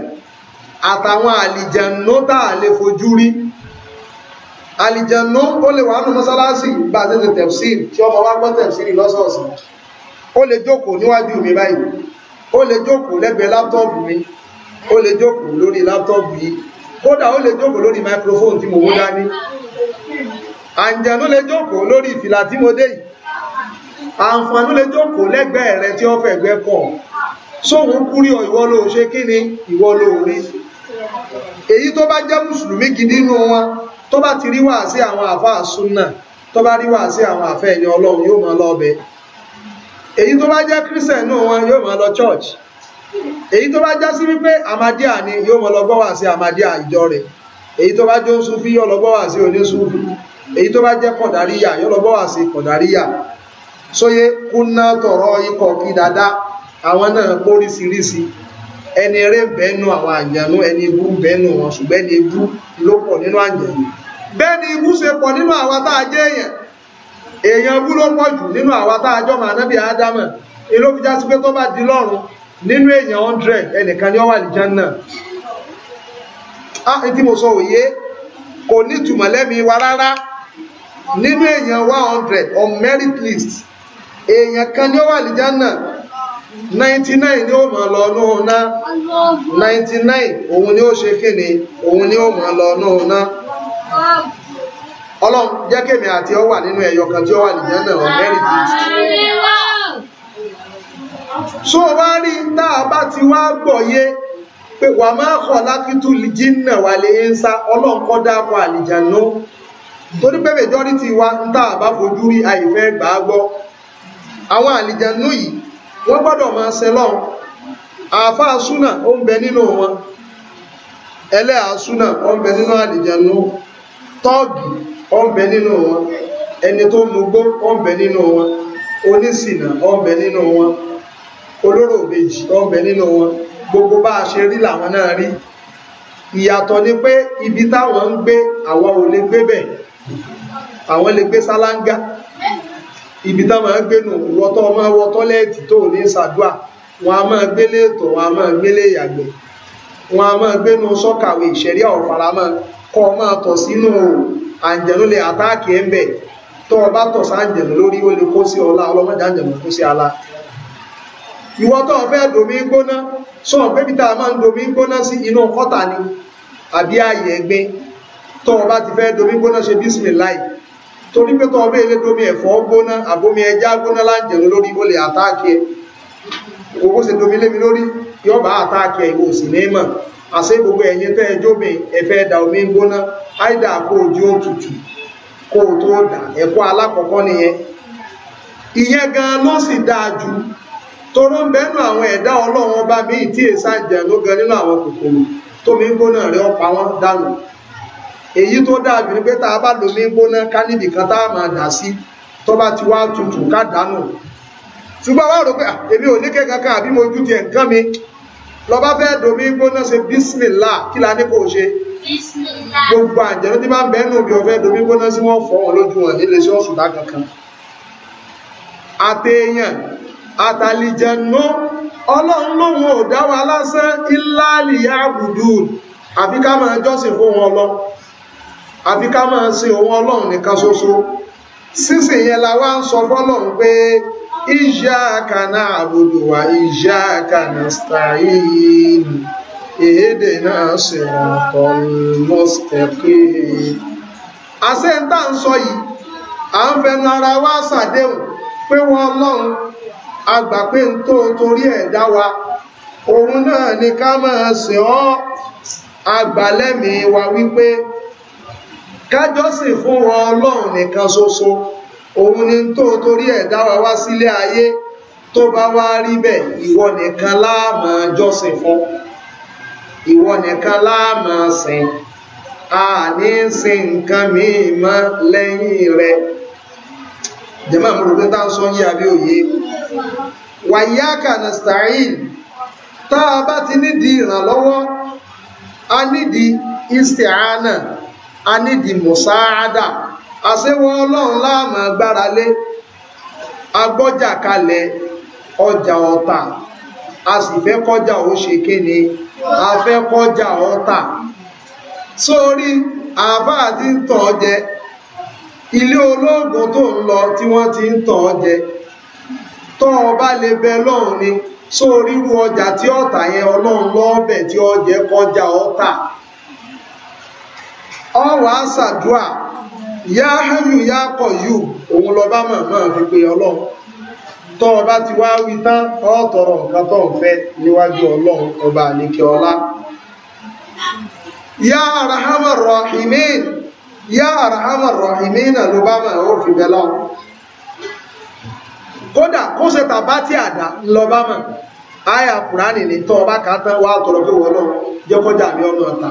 àtàwọn àlìjẹ̀nú tá a lè fojú rí àlìjẹ̀nú ó lè wà nù mọ́sálásì bá tẹ́tẹ̀ tẹ̀fsìrì tí ọmọ wá gbọ́ tẹ̀fsìrì lọ́sọ̀ọ̀sì ó lè jókòó níwájú mi báyìí ó lè jókòó lẹ́gbẹ̀ẹ́ láptọ́ọ̀pù mi ó lè jókòó lórí láptọ́ọ̀pù yìí kódà ó lè jókòó lórí microphone tí mo wó dání àǹjẹ̀nú lè jókòó lórí ìfìlà tí mo dé yìí àǹfààní lè jókòó lẹ́gbẹ̀ẹ́ rẹ tí ó fẹ̀gbẹ́ ni ìwọ ló rí èyí tó bá jẹ́ mùsùlùmí gidi nínú wọn tó bá ti rí wàásí àwọn àfáà súnà tó bá rí wàásí àwọn àfẹ́ ẹni ọlọ́run yóò máa lọ èyí tó bá jẹ́ kírísẹ̀n náà wọn yóò máa lọ church èyí tó bá já sí wípé amadíà ni yóò máa lọ gbọ́ wàásí amadíà ìjọ rẹ̀ èyí tó bá jẹ́ oṣùfì yóò lọ gbọ́ wàásí oníṣùfì èyí tó bá jẹ́ kọ̀dáríyà yóò lọ gbọ́ wàásí kọ̀dáríyà sóyé kúnná tọ̀rọ̀ ikọ̀ kí dáadáa àwọn náà póríṣiríṣi ẹni eré bẹ́ẹ̀nu àwọn àjànú ẹni ebú bẹ́ẹ̀nu wọn ṣùgbẹ́ni ebú ló pọ̀ nínú àjànú bẹ́ẹ̀ ni ibú ṣe pọ̀ nínú àwa tá a jẹ́ èèyàn èèyàn bú ló pọ̀ jù nínú àwa tá a jọ mà nábì ádámà fi já sí pé tó bá di lọ́run nínú èèyàn hundred ẹnìkan ni ó wà ah, tí mo sọ òye kò ní ìtumọ̀ wa rárá nínú èèyàn one hundred on merit list èèyàn kan ni ó wà ní Jánnà ninety nine ni ó mọ̀ lọ lóhun náà ninety ọlọ́run jẹ́ kémi àti ọ wà nínú ẹ̀yọ kan tí ó wà nìyẹn náà ọ̀ ti so rí tá bá ti wá yé, pé wà máa kọ̀ lákìtù jìnnà wà lè ń sá ọlọ́run kọ́ dáàbọ̀ torí pé a bá fojú rí gbà á àwọn yìí máa ṣe àáfàá súnà tọ́ọ̀gì ó ń bẹ nínú wọn ẹni tó mugbó ó ń bẹ nínú wọn onísìnà ó ń bẹ nínú wọn olóró òbejì ó nínú wọn gbogbo bá a ṣe rí làwọn náà rí ìyàtọ̀ ni pé ibi táwọn ń gbé àwọn ò lè gbé bẹ́ẹ̀. àwọn lè gbé sálángà ibi táwọn ń gbé nù wọ́tọ́ ọmọ wọ tọ́lẹ́ẹ̀tì tó ní sàdúà wọn a máa gbélé ètò wọn a máa gbélé ìyàgbẹ́ wọn a máa gbénu sọ́kàwé ìṣẹ̀rí ọ̀fàramọ́ kọ́ ọ máa tọ̀ sínú àǹjẹ̀nú lè àtáàkì ẹ̀ ń bẹ̀ tọ́ ọ bá tọ̀ sáǹjẹ̀nú lórí ó lè kó sí ọlá ọlọ́mọdé àǹjẹ̀nú kó sí ala ìwọ tó fẹ́ domi gbóná sọ pé bí tá máa ń domi gbóná sí inú kọ́tà ni àbí ààyè ẹgbẹ́ tó o bá ti fẹ́ domi gbóná ṣe bísímìláì torí pé tó o bẹ́ẹ̀ lé domi ẹ̀fọ́ gbóná àbomi ẹja gbóná láǹjẹ̀nu lórí olè àtáàkì ẹ̀ owó ṣe domi lémi lórí yọba àtáàkì ẹ̀ ìwò sí àṣẹ gbogbo ẹ̀yin tẹ́ ẹjọ́bìn ẹ̀fẹ́ ẹ̀dà omi gbóná áìdà kó ojú òtútù kó o tó dà ẹ̀kọ́ alákọ̀ọ́kọ́ nìyẹn ìyẹn gan ló sì dáa jù torọ́ ń bẹ́nu àwọn ẹ̀dá ọlọ́run bá bí ìtí èsà n'oge ló gan nínú àwọn kòkòrò tómi gbóná rẹ̀ ọ̀pá wọn dànù èyí tó dáa jù ni pé tá a bá lomi gbóná ká níbì kan tá a máa dà sí tó bá ti wá tutù ká dànù ṣùgbọ́n wá rò pé èmi ò ní kẹ́kọ̀ọ́ àbí mo ju ti ẹ̀ nǹkan mi lọ́ba fẹ́ domi gbóná ṣe bísímìlá kí la ní kò ṣe gbogbo àjẹrú tí bá ń bẹ́ẹ̀ nù bí ọ̀fẹ́ domi gbóná sí wọ́n fọ́ wọn lójú wọn nílé sí ọ̀sùn dákan kan àtẹ̀yàn àtàlìjẹ̀nú ọlọ́run lóhun ò dá wa lásán ìlàlì àbùdù àfi ká máa jọ́sìn fún wọn lọ àfi ká máa sin òun ọlọ́run nìkan ṣoṣo sísìn yẹn la wá ń sọ fọ́lọ̀ pé iyyaka na'budu wa iyyaka kana ihdina siratal mustaqim àṣẹ ń tà ń sọ yìí à ń fẹnu ara wa ṣàdéhùn pé wọ́n Ọlọ́run a pé ń tó torí ẹ̀ dá wa òun náà ni ká máa sìn ọ́ àgbàlẹ́mìí wa wípé kájọ́sìn fún wọn ọlọ́run nìkan ṣoṣo òun ni tó torí ẹ̀ dá wa wá sílé ayé tó bá wá rí bẹ́ẹ̀ ìwọ nìkan la máa jọ́sìn fún ìwọ nìkan la máa sìn a ní sin nǹkan míì mọ́ lẹ́yìn rẹ̀ jẹ́mọ́ àmúrò pé tá ń sọ yí àbí òye wàyíákà nasta'in tá a bá ti nídìí ìrànlọ́wọ́ a nídìí isti'ana a nídìí mùsáádà àṣewọ́ ọlọ́run láàmú gbára lé agbọ́jà kalẹ̀ ọjà ọ̀tà a sì fẹ́ kọjá ò ṣe kéne a fẹ́ kọjá ọ̀tà sórí àáfàá ti ń tọ̀ ọ́ jẹ ilé olóògùn tó ń lọ tí wọ́n ti ń tọ̀ ọ́ jẹ tọ́ lè bẹ lọ́run ni sórí irú ọjà tí ọ̀tà yẹn ọlọ́run lọ́ọ́bẹ̀ tí ọjẹ́ kọjá ọ̀tà ọwọ́ àṣàdúà yá háyù yá kọ̀ yù òun lọ bá màmá fi pe ọlọ́run tọ́ ọba ti wá wí tán ọ tọrọ nǹkan tó ń fẹ́ níwájú ọlọ́run ọba àníkẹ́ ọlá yá arahamar rahimin yá arahamar rahimin náà ló bá màá ó fi bẹ́lá kódà kó ṣe tàbá tí àdá lọ bá màá àyà kùránì ní tọ́ ọba kàtà wà tọrọ pé wọ́n lọ mi ọmọ ọ̀tá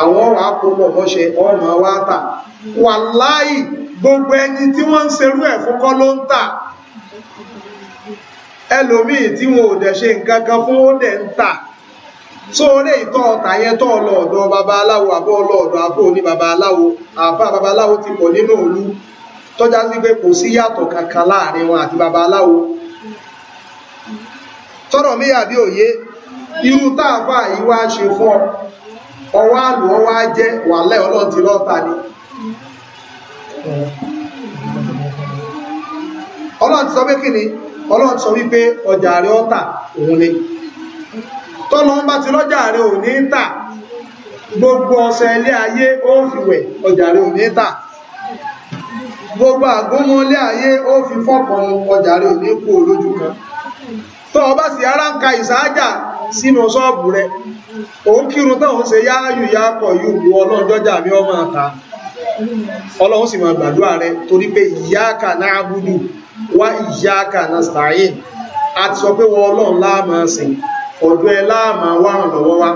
àwọn ọ̀rọ̀ àpòpọ̀ mọ́ṣẹ ọmọ wa tà wà láì gbogbo ẹni tí wọ́n ń serú ẹ̀ fún kọ́ ló ń tà ẹlòmíì tí wọn ò dẹ̀ ṣe nǹkan kan fún ó dẹ̀ ń tà tó lè tọ́ ọ̀tà yẹn tọ́ ọlọ́ọ̀dọ́ babaláwo àbọ̀ ọlọ́ọ̀dọ́ àbọ̀ òní babaláwo àbá babaláwo ti pọ̀ nínú òlu tọ́já sí pé kò sí yàtọ̀ kankan láàrin wọn àti babaláwo tọ́rọ̀ mi àbí òye irú táàfà yìí wá ṣe fún ọ ọwọ́ àlù ọwọ́ ajẹ́ wàlẹ́ ọlọ́ọ̀tì lọ́ta ni ọlọ́ọ̀tì sọ pé kí ni ọlọ́ọ̀tì sọ wípé ọjà rẹ ọ̀tà òun ni tọ́lọ́ ń bá ti lọ́jà rẹ ò ní tà gbogbo ọ̀sẹ̀ ilé ayé ó fi wẹ̀ ọjà rẹ ò ní tà gbogbo àgúnmọ́ ayé ó fi fọ́pọ̀ ọjà rẹ ò ní kú olójú kan tó ọba sì ara ń ka ìsáájà sínú ṣọ́ọ̀bù rẹ̀ òun kírun tóun ṣe yááyù yáàkọ̀ yìí wù ọlọ́run jọjà mi ọmọ àta ọlọ́run sì máa gbàdúrà rẹ̀ torí pé ìyáàkà náà búdù wá ìyáàkà náà sàáyìn a ti sọ pé wọ ọlọ́run láàmà sìn ẹ láàmà lọ́wọ́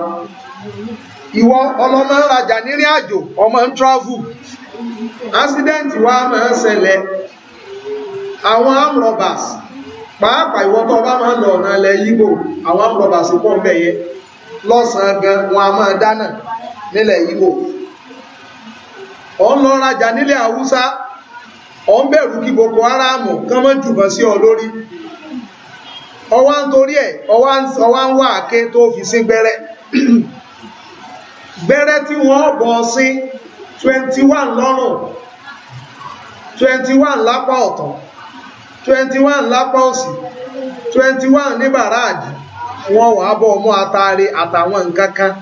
ìwọ ń rajà nírìn àjò ọmọ ń wa máa ń ṣẹlẹ̀ àwọn pàápàá ìwọ tó bá máa ń lọ ọ̀nà ilẹ̀ àwọn amúrọ̀bà sí pọ̀ yẹn lọ́sàn-án gan wọn a máa dáná nílẹ̀ Ìgbò ọ̀ lọ rajà nílẹ̀ Haúsá bẹ̀rù kí Boko Haram kán mọ́ sí ọ lórí ọwá ń torí ẹ̀ ń wá àké tó fi sí gbẹ́rẹ́ gbẹ́rẹ́ tí wọ́n bọ̀ sí lọ́rùn lápá ọ̀tọ̀ twenty one lápá twenty one ní bàràdì wọ́n wà á bọ̀ ọmọ àtàrí àtàwọn nǹkan kan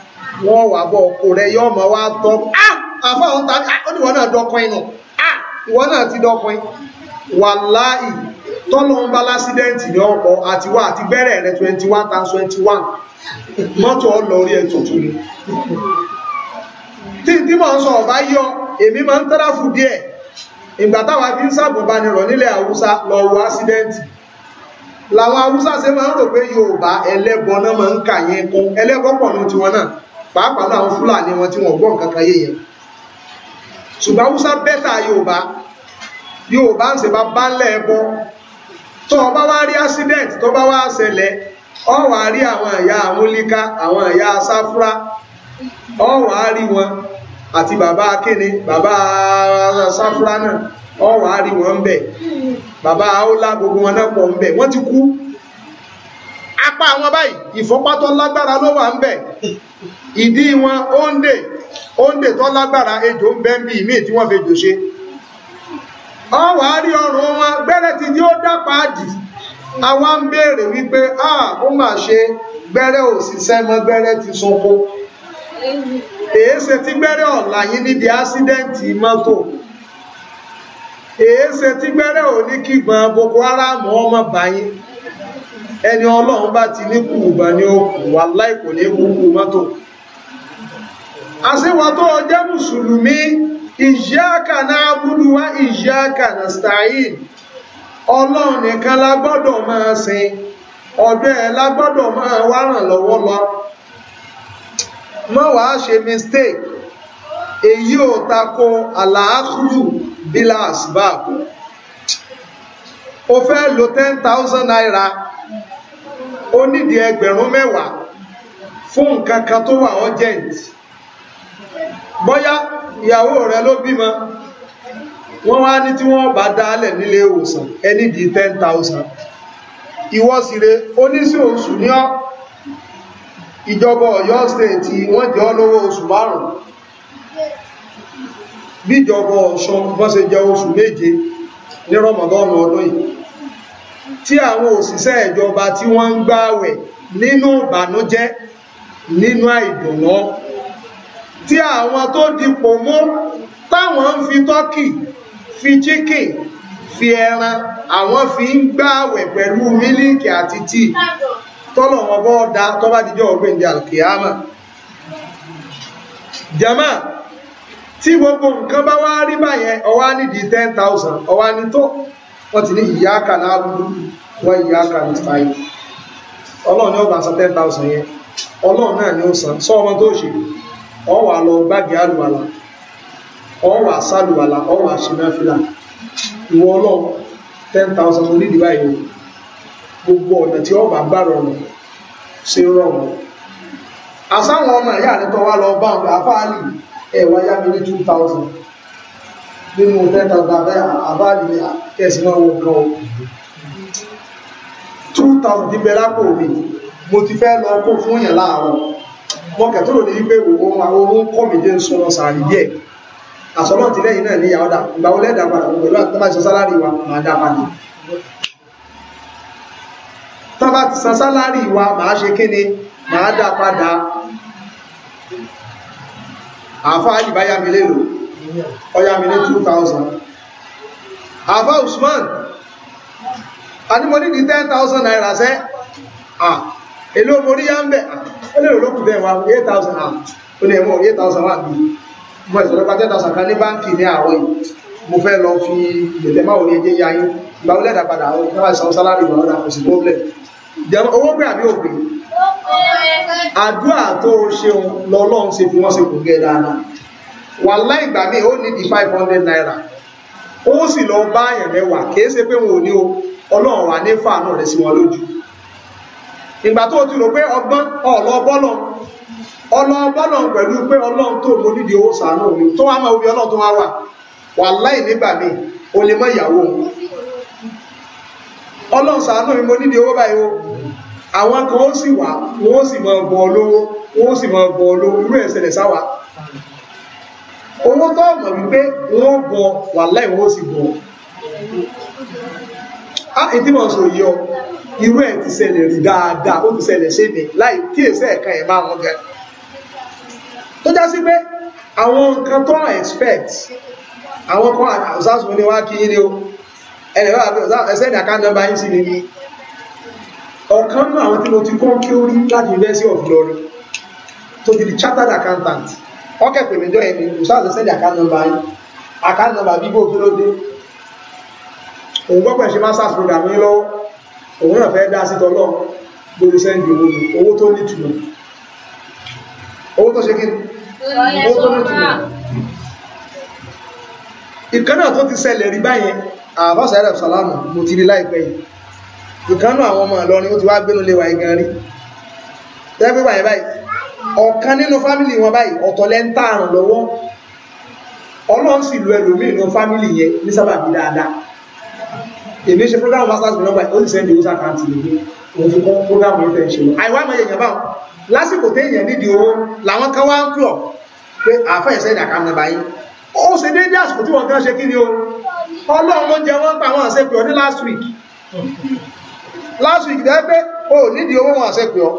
wọ́n wà á bọ̀ ọkọ rẹ̀ yọ ọmọ wa tọ́ ah! àfọ àwọn ta ah! ó ní ìwọ náà dọkùn inú ah! ìwọ náà ti dọkùn wàláì tọ́lọ́n bá lásídẹ́ǹtì ní ọ̀pọ̀ àti àti bẹ̀rẹ̀ rẹ̀ twenty one times twenty one mọ́tò ọlọ́rí ẹ̀ tuntun ni tí tí mò ń sọ ọ̀bá yọ èmi máa ń tẹ́ráfù díẹ̀ ìgbà wa fi ń ṣàgùnbánirọ̀ nílẹ̀ haúsá n'ọwụwa ásídẹ́ǹtì làwọn haúsá ṣe máa ń rò pé yorùbá ẹlẹ́bọ náà máa ń kà yẹn tiwọn náà pàápàá náà àwọn fúlàní wọn tí wọn gbọ́ nǹkan ya yé yẹn ṣùgbọ́n haúsá bẹ́tà yorùbá yorùbá ń ṣe bá ń lẹ́ẹ̀bọ tó o bá wá rí tó bá wá ṣẹlẹ̀ ọ wàá rí àwọn amúlíká àwọn wọn àti bàbá akéne bàbá eh, sáfúrá náà ọ̀rọ̀ àárí wọn ń bẹ̀ bàbá aola gbogbo wọn náà pọ̀ ń bẹ̀ wọ́n ti kú apá wọn báyìí ìfọ́pá tó lágbára ló wà ń bẹ̀ ìdí wọn òǹdè òǹdè tó lágbára ejò ń bẹ́ ń bí ìmí tí wọ́n fi jò ṣe ọ̀rọ̀ àárí ọrùn wọn gbẹ́rẹ́ ti ní ó dápa àdì àwa ń béèrè wípé a ah, ó mà ṣe gbẹ́rẹ́ òṣìṣẹ́ mọ́ gbẹ́rẹ́ ti sunko èéṣe tí gbẹ́rẹ́ ọ̀la yín níbi ásídẹ́ǹtì mọ́tò èéṣe tí gbẹ́rẹ́ òní kígbọn Boko Haram ọmọ báyìí ẹni ọlọ́run bá ti ní kùbà ní okùn wà láìkò ní kúkú mọ́tò àṣíwá tó jẹ́ mùsùlùmí ìyáàkà náà búdúwá ìyáàkà na stein ọlọ́run nìkan la gbọ́dọ̀ máa sìn ọ̀dọ̀ ẹ̀ la gbọ́dọ̀ máa wárán lọ mọ́ wàá ṣe mistake èyí ò tako àlàáfù bílà asbab o fẹ́ lo ten thousand naira ó nídìí ẹgbẹ̀rún mẹ́wàá fún nǹkan kan tó wà urgent bóyá ìyàwó rẹ ló bímọ wọ́n wá ní tí wọ́n bá dálẹ̀ nílé ìwòsàn ẹni di ten thousand ìwọ sì rè oníṣòwò sùn ní ọ́ ìjọba Ọ̀yọ́ stéètì wọ́n jẹ ọ́ lówó oṣù márùn-ún bíjọba Ọ̀ṣun wọ́n ṣe jẹ oṣù méje ní rọmọdọ́nù ọdún yìí tí àwọn òṣìṣẹ́ ìjọba tí wọ́n ń gbààwẹ̀ nínú ìbànújẹ́ nínú àìdùnnú tí àwọn tó dipò mú táwọn ń fi tọ́kì fi chicken fi ẹran àwọn fi ń gbààwẹ̀ pẹ̀lú mílíkì àti tíì tọ́lọ̀ wọn bọ́ da tó bá dijọ́ ọgbẹ́ ìdí alkiyama jama tí gbogbo nǹkan bá wá rí báyẹn ọwá nídìí ten thousand ọwá ní tó wọ́n ti ní ìyá kan láàbùdú wọ́n ìyá kan nìtayé ọlọ́run yóò bá san ten thousand yẹn ọlọ́run náà ni ó san sọ ọmọ tó ṣe ọwà lọ gbági àlùwàlà ọwà sálùwàlà ọwà ṣìnáfìlà ìwọ ọlọ́run ten thousand onídìí báyìí gbogbo ọ̀nà tí ọba gbà rọrùn ṣe rọrùn àsáwọn ọmọ ìyá rẹ tọ́ wá lọ bá ọ̀gá fáàlì ẹ̀wà yá mi ní two thousand nínú ten thousand abẹ́ àbáàlì kẹsì máa wọ kan o two thousand ti bẹ lápò mi mo ti fẹ́ lọ kó fún yẹn láàárọ̀ mo kẹ̀tọ́ lò ní wípé òun àwọn kọ́ mi dé ń sọ wọn sàárì díẹ̀ àsọlọ́ọ̀tì lẹ́yìn náà ní ìyá ọ̀dà ìgbà wọlé ẹ̀dá padà pẹ̀lú àtàlàṣọ sálárì wa màá dá padà tá bá ti san sálárì wa màá ṣe kí ni màá dá padà àfa àyíbá yá mi two thousand àfa Usman ànímọ̀nídìí ten thousand naira sẹ́ ah èlò mórí yá ń bẹ̀ ó lè rò lókùn bẹ́ẹ̀ wa eight thousand ah ó lè mọ̀ eight thousand wà bí mo ìsọ̀rọ̀ pa ten thousand kan ní báńkì ní àárọ̀ yìí mo fẹ́ lọ fi ìdẹ̀lẹ́máwò ní ẹjẹ́ yá yín ìgbà wọlé ẹ̀dá padà àwọn ìgbà wà sàn sálárì ìgbà wọlé àkọsí problem owó pé àbí òpè àdúrà tó ṣeun lọ́lọ́run ṣe fi wọ́n ṣe kùn gẹ́ dáadáa wà láì gbà mí ó ní di five hundred naira ó sì lọ bá àyàn mẹ́wàá kìí ṣe pé wọn ò ní o ọlọ́run wà ní fàánù rẹ̀ sí wọn lójú ìgbà tó ti rò pé ọgbọ́n ọ̀lọ́ bọ́lọ̀ ọlọ́ bọ́lọ̀ pẹ̀lú pé ọlọ́run tó mo nídìí owó ṣàánú mi tó wá máa wí ọlọ́run tó wá wà wà láì nígbà mí o lè mọ ìyàwó ọlọ́run ṣàánú mi mo nídìí owó báyìí o àwọn kan ó sì wà wọ́n ó sì mọ bọ olówó wọ́n ó sì mọ bọ olówó irú ẹ̀ ṣẹlẹ̀ sáwà owó tó mọ̀ wípé wọ́n bọ wà láì wọ́n sì bọ á ìdí mọ̀ sọ yọ irú ẹ̀ ti ṣẹlẹ̀ rí dáadáa ó ti ṣẹlẹ̀ ṣe mi láì kí èsì ẹ̀ka ẹ̀ máa wọn gan tó já sí pé àwọn nǹkan tó expect àwọn kan àṣàṣùn ni wá kí yín ni o ẹnì bá ẹsẹ̀ ní àkáńtà bá yín sí ni ọ̀kan náà àwọn tí mo ti kọ́ kí ó rí láti University of Glory tó ti di chartered accountant ọkẹ́ pèmí jọ ẹni ìṣàṣẹ sẹ́ndì account number yín account number bíbó kí ló dé òun gbọ́pẹ̀ ṣe masters program yín lọ́wọ́ òun náà fẹ́ dá sí tọ́lọ́ gbogbo sẹ́ndì owó owó tó nítumọ̀ owó tó ṣe kí owó tó nítumọ̀ ìkan náà tó ti ṣẹlẹ̀ rí báyẹn àbọ̀sẹ̀ rẹ̀ sàlámù mo ti rí láìpẹ́ yìí ìkánú àwọn ọmọ Ìlọrin ó ti wá gbénu lé wa igan rí tẹ́gbẹ́ báyìí báyìí ọ̀kan nínú fámìlì wọn báyìí ọ̀tọ̀ lẹ́ ń tà àrùn lọ́wọ́ ọlọ́run sì lu ẹlòmíì nínú fámìlì yẹn ní sábàbí dáadáa èmi ṣe program masters mi nọ́mbà ó sì sẹ́ndì user account mi ní òun fi kọ́ program yìí fẹ́ ṣe àìwá àmọ́ èèyàn báwọn lásìkò téèyàn nídìí owó làwọn kan wá ń pọ̀ pé àáfẹ́ ìṣẹ́ ìdàkà ń nàbà yín ó ṣe déédé àsìkò tí wọ́n kàn ṣe kí ni o ọlọ́run ló jẹ wọ́n pa àwọn àṣẹ pé ọdún last week last week dẹ́ pé o nídìí owó wọn àṣẹ pé ọ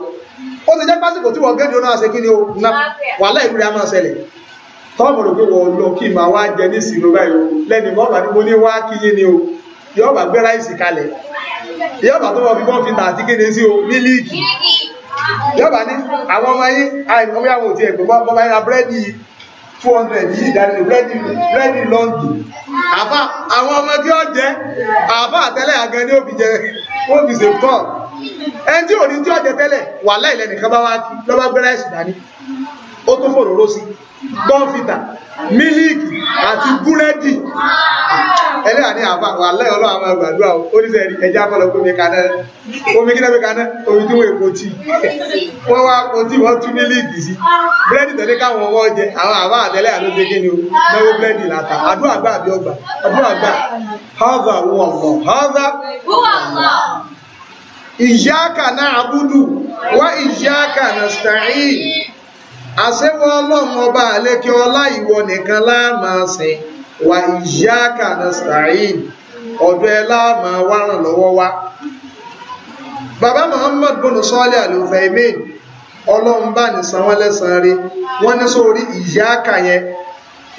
ó ti jẹ́ pásìkò tí wọ́n gẹ́gẹ́ náà ṣe kí ni o na wàhálà ìrúra máa ṣẹlẹ̀ tọ́ọ̀mù rò pé wọ́n lọ kí màá wá jẹ ní ìsìn lóba yìí o lẹ́nu mọ́ọ̀bà ni mo ní wá kí yé ni o yọ̀ọ̀bà gbé ráìsì kalẹ̀ yọ̀ọ̀bà tó wọ̀ fi bọ́ọ̀ fi tà àti kéde sí o mílíìkì yọ̀ọ̀bà ní àwọn ọmọ yín àìmọ́ bí àwọn òtí ẹ̀gbọ́n bọ́ bá yẹn ra búrẹ́dì two hundred yìí ìdánilò búrẹ́dì búrẹ́dì lọ́ǹgì àbá àwọn ọmọ tí ó jẹ àbá àtẹlẹ àgàn ni ó fi jẹ ó fi ṣe pọ ẹni tí ò ní tí ó jẹ tẹ́lẹ̀ wàhálà ìlẹnìkan bá wá kí lọ́ba gbẹ́rẹ́ ẹ̀sìn dání ó tó fòróró sí i. gọ́fìtà miliki àti búrẹ́dì ẹlẹ́yà ní àbá wàlẹ́ ọlọ́run àwọn àgbàdo àwọn oníṣẹ́ ẹja kọ́ lọ pé mi kaná omi kí náà mi kaná omi tí wọ́n èpo tí wọ́n wá po tí wọ́n sí búrẹ́dì tẹ̀lé káwọn ọwọ́ jẹ àwọn àbá kí ni o búrẹ́dì làtà àdúrà gbà àbí ọgbà àdúrà gbà hàzà hàzà àṣewọ́ ọlọ́run ọba àlékè ọlá ìwọ nìkan láàmà wà iyyaka nasta'in ọ̀dọ̀ ẹ láàmà wá ràn lọ́wọ́ wá. bàbá Muhammad bin Salih Al-Uthaymeen ọlọ́run bá ní san rí wọ́n ní sórí yẹn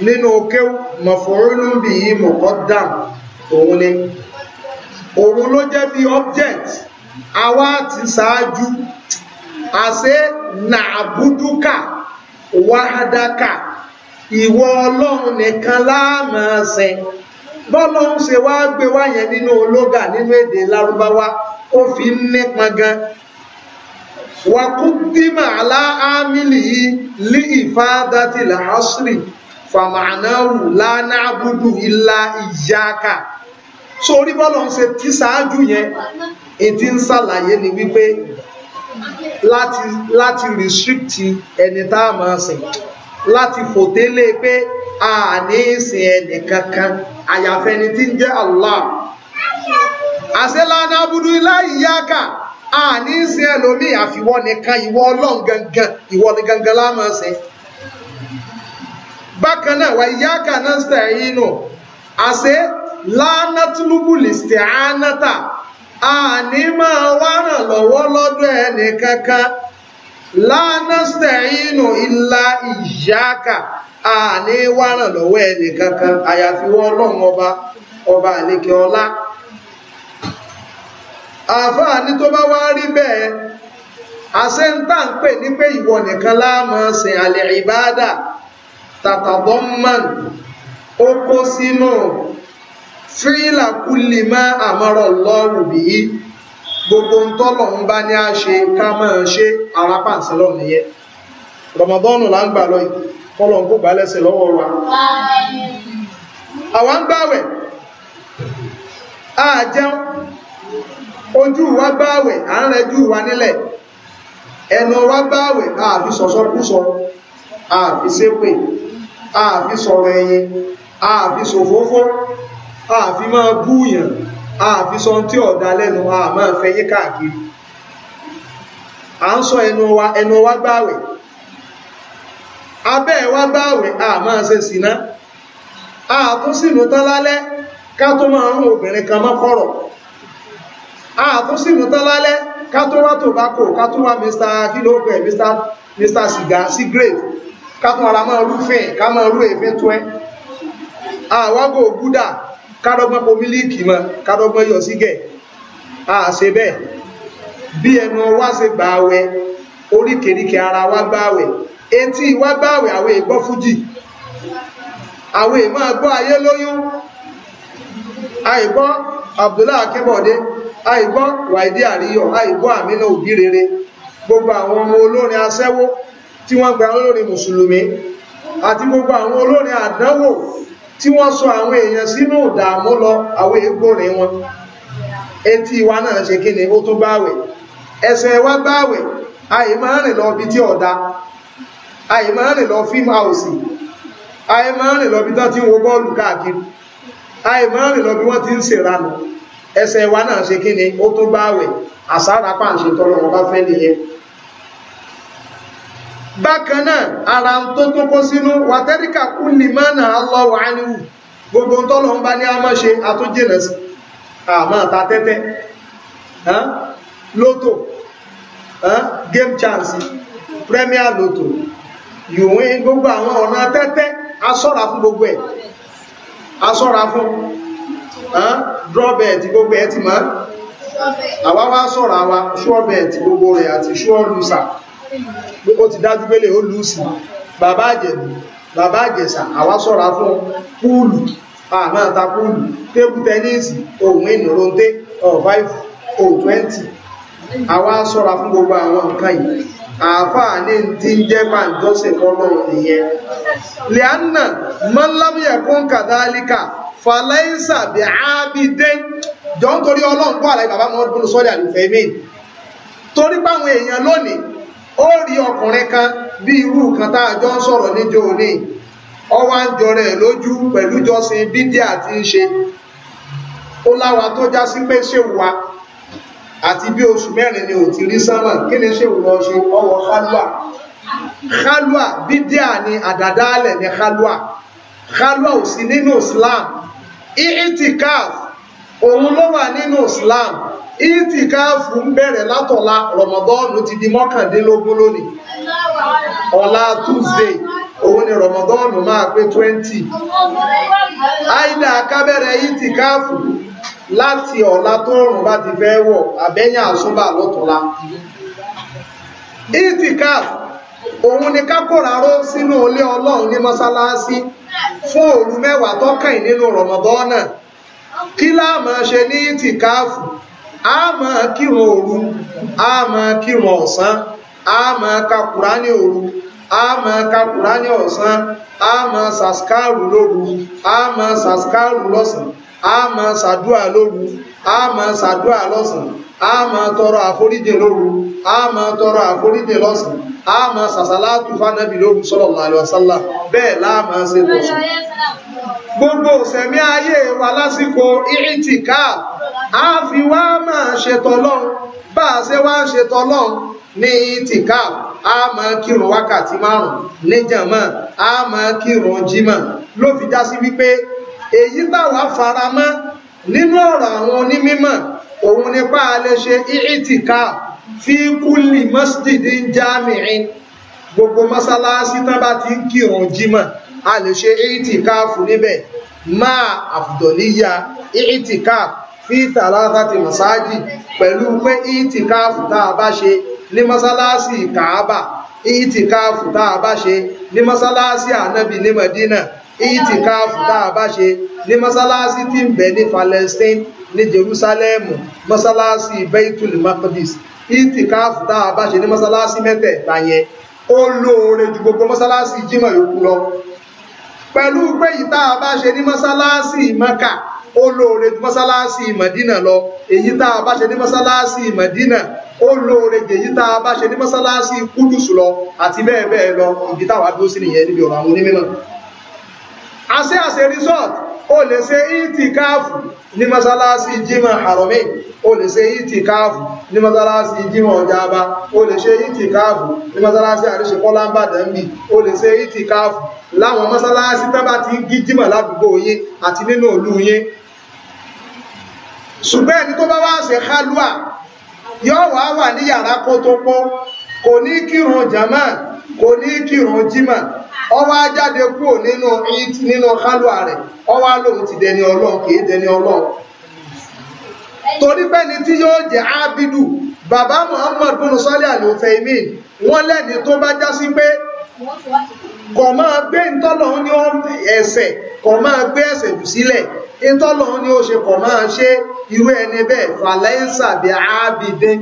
nínú kéwù maf'ulun òun ni òun ló jẹ́ bí Wahadaka ìwọ ọlọ́run nìkan láàmàá ṣe bọ́lọ́run ṣe wá gbé wá yẹn nínú ológa nínú èdè lárúbáwá ó fi ń nípọn gan wàkúndímà aláàmìlì yìí lí ìfádàtì làásìrì fàmàánáwù lánàbùdù ìlà ìyáka sórí bọ́lọ́run ṣe ti ṣáájú yẹn ètí ń ṣàlàyé ni wípé láti láti restrict ẹni tá a máa sìn láti fòtélé pé a ní sìn ẹnì kankan àyàfẹ́ni tí ń jẹ́ Allah àṣẹlánà abudu iláyíyáka a ní sìn ẹlòmíì àfiwọ́ nìkan ìwọ ọlọ́run gangan ìwọ ni gangan la máa sìn bákan náà wà yáka náà sẹ́yìn nù àṣẹ lánàtúlùbù lìstẹ̀ ánátà àní máa wá ràn lọ́wọ́ lọ́dọ̀ ẹnì kankan lánàstẹ̀ínù ìlà ìyáka àní wá ràn lọ́wọ́ ẹnì kankan àyàfi wọ́n ọlọ́run ọba ọba àlékè ọlá àfáà tó bá wá rí bẹ́ẹ̀ àṣẹ ń pè ní pé ìwọ nìkan láàmọ́ sin àlè ìbáàdà tàtàbọ́n mọ́n ó kó sínú fíìlà kúlì má àmọ́rọ̀ lọ́rùn bí gbogbo ntọ́lọ̀ ń bá ní a ṣe ká máa ṣe ara pàṣẹ nìyẹn rọmọdọ́nù là ń gbà lọ ń kó lọ́wọ́ wa ń gbàwẹ̀ a jẹun ojú gbàwẹ̀ à ń rẹjú wa nílẹ̀ ẹnu wa gbàwẹ̀ a fi sọ̀sọ́ kú sọ àfi máa búyàn àfi sọ tí ọ̀dà lẹ́nu a máa fẹyín káàkiri à ń sọ ẹnu wa ẹnu wa gbààwẹ̀ abẹ́ ẹ̀ wá gbààwẹ̀ a máa ṣe sìná a tún sì mú tán lálẹ́ ká tó máa rún obìnrin kan mọ́kọ̀rọ̀ a tún sì mú tán lálẹ́ ká tó wá tobacco ká tó wá mr kílógẹ̀ mr mr sìgá cigarette ká tó ara máa rúfin ká máa rú èéfín tó ẹ́ àwágò gúdà kádọ́gbọ́n po mílíìkì mọ́ kádọ́gbọ́n yọ sígẹ̀ a ṣe bẹ́ẹ̀ bí ẹnu wa ṣe gbà wẹ̀ oríkèríkè ara wa gbà wẹ̀ etí wa gbà wẹ̀ àwọn èègbọ́ fújì àwọn èèmọ́ gbọ́ ayé lóyún àìgbọ́ Abdullahi Akínbọ̀dé àìgbọ́ Wàídí Àríyọ̀ àìgbọ́ Àmínà Òbí Rere gbogbo àwọn ọmọ olórin aṣẹ́wó tí wọ́n gba olórin mùsùlùmí àti gbogbo àwọn olórin àdánwò tí wọ́n sọ àwọn èèyàn sínú ìdààmú lọ àwọn egbòrin wọn etí wa náà ṣe kí ni ó tún báwẹ̀ ẹsẹ̀ wa báwẹ̀ àyè máa rìn lọ bí tí ọ̀dá àyè máa rìn lọ fíìmù àòsì àyè máa rìn lọ bí tán ti ń wo bọ́ọ̀lù káàkiri àyè máa rìn lọ bí wọ́n ti ń ṣèranù ẹsẹ̀ wa náà ṣe kí ni ó tún báwẹ̀ àsára pàǹṣe tọrọ wọn bá fẹ́ nìyẹn bákan náà ara ń tó tó kó sínú wàtẹ́ríkà kú lè má nà á lọ wà á níwù gbogbo ń tọ́lọ̀ ń bá ní àmọ́ ṣe àtúnjìnà sí àmọ́ ta tẹ́tẹ́ lótò game chance premier lótò yòówín gbogbo àwọn ọ̀nà tẹ́tẹ́ asọ́ra fún gbogbo ẹ̀ asọ́ra fún drawbet gbogbo ẹ̀ ti mọ́ àwa wá sọ̀rọ̀ àwa surebet gbogbo rẹ̀ àti surelusa. Sure ó ti dájú pé lè ó lù ú sí bàbá àjẹ̀bù bàbá àjẹ̀sà àwa sọ̀ra fún púùlù àmọ́ ta púùlù tébù tẹ́nísì ohun ìnùróńté ọ̀fáìfù ohun twenty àwa sọ̀ra fún gbogbo àwọn nǹkan yìí àáfàá ní ti ń jẹ́ pàǹjọ́sìn fọlọ́run nìyẹn lẹ́ánà mọ́lámìyẹ̀kún kàdálíkà fàlẹ́ńsà bí ábídé jọ ń torí ọlọ́run bọ́ àlàyé bàbá mọ́ sọ́dẹ̀ àlùfẹ́ mi torí páwọn èèyàn lónìí ó rí ọkùnrin kan bí irú kan tá a jọ ń sọ̀rọ̀ níjọ òní ọwá ń jọrẹ lójú pẹ̀lú jọsìn bídíà tí ń ṣe ó láwa tó já sí pé ṣe wà àti bí oṣù mẹ́rin ni ò ti rí sánmà kí ni ṣe wùlọ ṣe ọwọ́ kálúà kálúà bídíà ni àdàdálẹ̀ ni kálúà kálúà ò sí nínú Islam itikaf òun ló wà nínú Islam ìtìkáàfù ń bẹ̀rẹ̀ látọ̀la rọmọdọ́ọ̀nù ti di mọ́kàndínlógún lónìí ọ̀la Tuesday òun ni rọmọdọ́ọ̀nù máa pé 20 aida akábẹ̀rẹ̀ ìtìkáàfù láti ọ̀la tó rùn bá ti fẹ́ wọ̀ àbẹ́yìn àsúbà lọ́tọ̀la ìtìkáàfù òun ni kákòráró sínú ilé ọlọ́run ní mọ́sálásí fún òru mẹ́wàá tọ́kàn nínú rọmọdọ́ọ̀nù náà kí láàmà ṣe ní ìtìkáàfù a máa kírun òru a máa kírun ọ̀sán a máa ka kùránì òru a máa ka kùránì ọ̀sán a máa sàskáàrù lóru a sàskáàrù lọ́sàn a sàdúà lóru a sàdúà lọ́sàn a máa tọrọ àforíjì lóru a máa tọrọ àforíjì lọ́sàn a máa sàṣàlátù fánàbì lóru sallallahu alaihi wasallam bẹ́ẹ̀ láàmà ṣe lọ́sàn gbogbo sẹ̀mí ayé wa lásìkò ìrìntìká a fi wá máa ṣètò lọ́run bá a ṣe wá ń ṣètò lọ́run ní a ma kírun wákàtí márùn níjàmọ́ a ma kírun jímọ̀ ló fi já sí wípé èyí táwa fara mọ́ nínú ọ̀rọ̀ àwọn onímímọ̀ òun nípa alẹ́ ṣe ìrìtìká fi kúlì mọ́sídìdì jámìín gbogbo mọ́sálásí tán bá ti ń kírun jímọ̀ a lè ṣe ìrìtìká fún níbẹ̀ máa àfùdọ̀líyà ìrìtìká fi tàlátàtì mọ̀sáájì pẹ̀lú pé ìrìtìká fún tá a bá ṣe ní mọ́sálásí kàábà ìtìkáàfù tá a bá ṣe ní mọ́sálásí ànábì ní Madina ìtìkáàfù tá a bá ṣe ní mọ́sálásí tí ń bẹ ní Palestine ní Jerúsálẹ́mù mọ́sálásí Baitul Maqdis itikaf tá a bá ṣe ní mọ́sálásí mẹ́tẹ̀ẹ̀ta yẹn ó lóore ju gbogbo mọ́sálásí jímọ̀ yòókù lọ pẹ̀lú pé yìí tá a bá ṣe ní mọ́sálásí Mẹ́kà ó lóore ju mọ́sálásí Mẹ̀dínà lọ èyí tá a bá ṣe ní mọ́sálásí Mẹ̀dínà ó lóore ju èyí tá a bá ṣe ní mọ́sálásí Kúdùsù lọ àti bẹ́ẹ̀ bẹ́ẹ̀ lọ ìdí táwa dúró sí nìyẹn níbi ọ̀rọ̀ àwọn onímọ̀ àṣẹ àṣẹ resort o lè ṣe ìtìkáàfù ní masalasi jimá àrọ̀mí o lè ṣe ìtìkáàfù ní masalasi jimá ọjàba o lè ṣe ìtìkáàfù ní masalasi àríṣekọ́lá bàdánbì o lè ṣe ìtìkáàfù láwọn masalasi tábà ti gí jimá ládùúgbò yín àti nínú òlú yín ṣùgbọ́n tó bá wá ṣe hálùwà yóò wá kò ní kírun jama kò ní kírun jimá ọwọ́ ajáde kúrò nínú nínú kálùà rẹ̀ ọwọ́ alóhun ti dẹni ọlọ́run kì í dẹni ọlọ́run torí pẹ́ni tí yóò jẹ́ ábídù bàbá Muhammad bùnú sọ́lẹ̀ àlùfẹ́mí wọ́n lẹ́ni tó bá já sí pé kò máa gbé ìtọ́lọ́hún ní ẹsẹ̀ kò máa gbé ẹsẹ̀ jù sílẹ̀ ìtọ́lọ́hún ní ó ṣe kò máa ṣe irú ẹni bẹ́ẹ̀ fàlẹ́ńsà bí ábídẹ́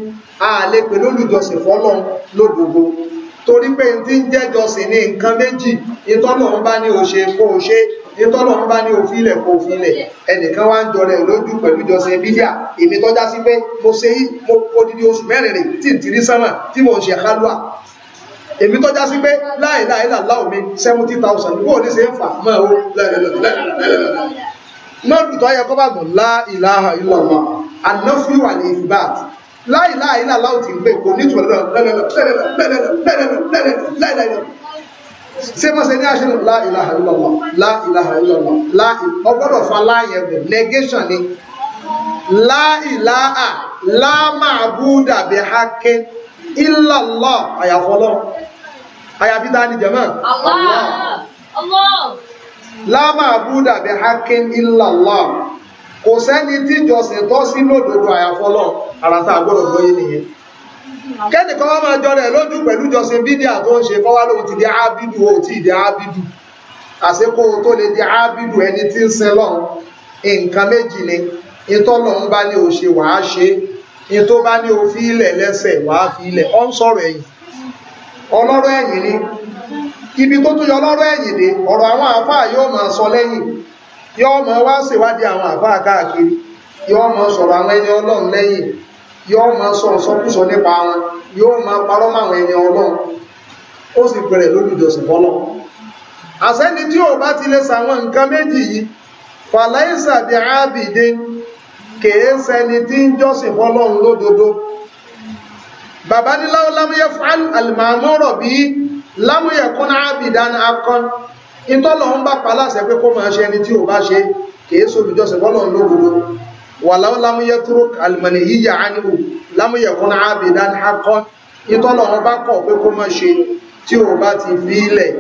àlè pẹ̀lú olùjọsìn fọ́lọ́n lódodo torí pé n ti ń jẹ́jọsìn ní nǹkan méjì ìtọ́lọ́run bá ní ó ṣe kó o ṣe ìtọ́lọ́run bá ní òfilẹ̀ kó òfilẹ̀ ẹnìkan wá ń jọrẹ lójú pẹ̀lú ìjọsìn bídíà èmi tọ́já sí pé mo ṣe yí mo odidi oṣù mẹ́rin rè tí n ti rí sánmà tí mo ń ṣe kálúà èmi tọ́já sí pé láìláìláìláò mi seventy thousand bó o ní ṣe ń fà mọ́ ẹ̀ o lẹ́lẹ́lẹ́lẹ́lẹ́lẹ́lẹ́ láì láì náà láòtì ń pè kò ní ìtumọ̀ lẹ́lẹ́lẹ́lẹ́lẹ́lẹ́lẹ́lẹ́lẹ́lẹ́lẹ́lẹ́lẹ́ ṣé mọ̀ ṣe ní àṣírí láìláha illallah láìláha illallah láì ọgbọ́dọ̀ fa láàyè ẹ̀bẹ̀ negation ni láìláha lámàbúdà bí hákẹ́ illallah àyàfọ́lọ́ àyàfi tá a ní jẹ̀mọ́ Allah lámàbúdà bí hákẹ́ illallah. kò sẹ́ni tí jọ̀sìn tọ́sí sí lódodo àyàfọ́lọ́ àràtà gbọ́dọ̀ gbọ́yé nìyẹn máa jọ rẹ̀ lójú pẹ̀lú ìjọsìn bídíà tó ń ṣe kọ́ ti di ábídù o ti di ábídù àsìkò tó lè di ábídù ẹni tí ń nǹkan méjì ni ń bá ní wà á ṣe bá ní o fi ilẹ̀ lẹ́sẹ̀ fi yọ́ mọ́ wá ṣèwádìí àwọn àfáà káàkiri yọ́ mọ́ sọrọ àwọn ẹni ọlọ́run lẹ́yìn yọ́ mọ́ sọ̀rọ̀ sọ́kùsọ nípa wọn yóò mọ́ parọ́ àwọn ẹni ọlọ́run ó sì bẹ̀rẹ̀ lólùjọsìn bọ́lọ̀ àsẹ́ni tí ò ti lè sàwọn nǹkan méjì yìí fàlàísà bí ábìdé kèé sẹni tí ń bàbá ìtọ́lọ̀ ń bá pa láṣẹ pé kó máa ṣe ẹni tí ò bá ṣe kìí sólùjọ́sẹ̀ bọ́lọ̀ lóòrò wà lámúyẹ túrò alìmọ̀nì yíyà ánìwò lámúyẹ kún ábìdán akọ́ ìtọ́lọ̀ ń bá kọ̀ pé kó máa ṣe tí ò bá ti fi ilẹ̀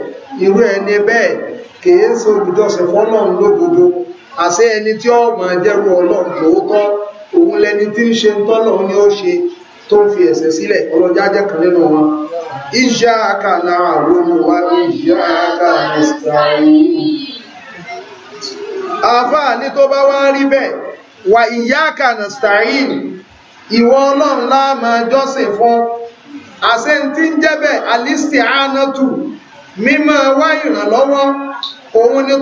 irú ẹni bẹ́ẹ̀ kìí sólùjọ́sẹ̀ bọ́lọ̀ lóòrò àṣẹ ẹni tí ó máa jẹ́rú ọlọ́run tó ń fi ẹ̀sẹ̀ sílẹ̀ ọlọ́jà jẹ́ kan nínú wọn ìṣẹ́ àkà náà lórí wa ìṣẹ́ àkà nìsàáyìn àfáà ni tó bá wá rí bẹ́ẹ̀ wà ìyáàkà nìsàáyìn ìwọ ọlọ́run láàmà jọ́sìn fún àṣẹ tí ń jẹ́bẹ̀ alisti anatu wá ìrànlọ́wọ́ òun ni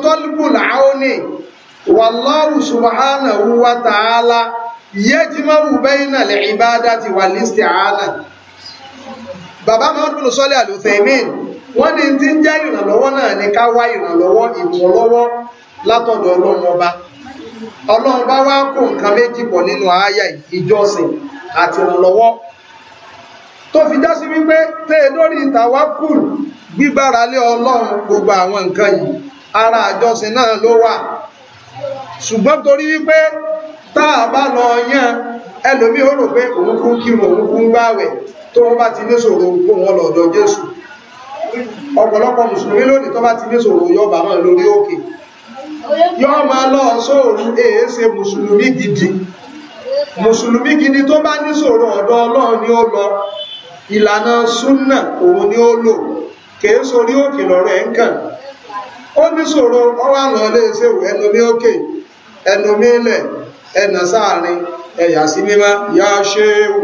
yẹ́jìmọ́wù bẹ́yìnà lè ìbádá ti wà lístì àánà bàbá mọ́rún ní sọ́lẹ̀ àlùfẹ̀mín wọ́n ní tí ń jẹ́ ìrànlọ́wọ́ náà ní ká wá ìrànlọ́wọ́ ìmọ̀lọ́wọ́ látọ̀dọ̀ ọlọ́run ọba ọlọ́run bá wá kó nǹkan méjì pọ̀ nínú àáyà ìjọsìn àti ìrànlọ́wọ́ tó fi já sí wípé tẹ́ ẹ lórí ìtàwákùl gbígbára lé ọlọ́run gbogbo àwọn nǹkan yìí ara àjọsìn náà ló wà ṣùgbọ́n torí wípé tá a bá lọ yán ẹlòmíì ó rò pé òun kú kírun òun kú ń gbààwẹ̀ tó wọn bá ti ní ṣòro kó wọn lọ́dọ̀ Jésù ọ̀pọ̀lọpọ̀ mùsùlùmí lónìí tó bá ti ní ṣòro yọba máa lórí òkè yọ máa lọ sóòrù èé ṣe mùsùlùmí gidi mùsùlùmí gidi tó bá ní ṣòro ọ̀dọ̀ Ọlọ́run ni ó lọ ìlànà súnà òun ni ó lò kèé sórí òkè lọ́rọ̀ ẹ̀ ń kàn ó ní ṣòro ọwọ́ àlọ́ lè e ṣe ẹnu mi òkè ẹnu mi lẹ̀ ẹ̀nà sáàrin ẹ̀yà sí mímá yá ṣéwù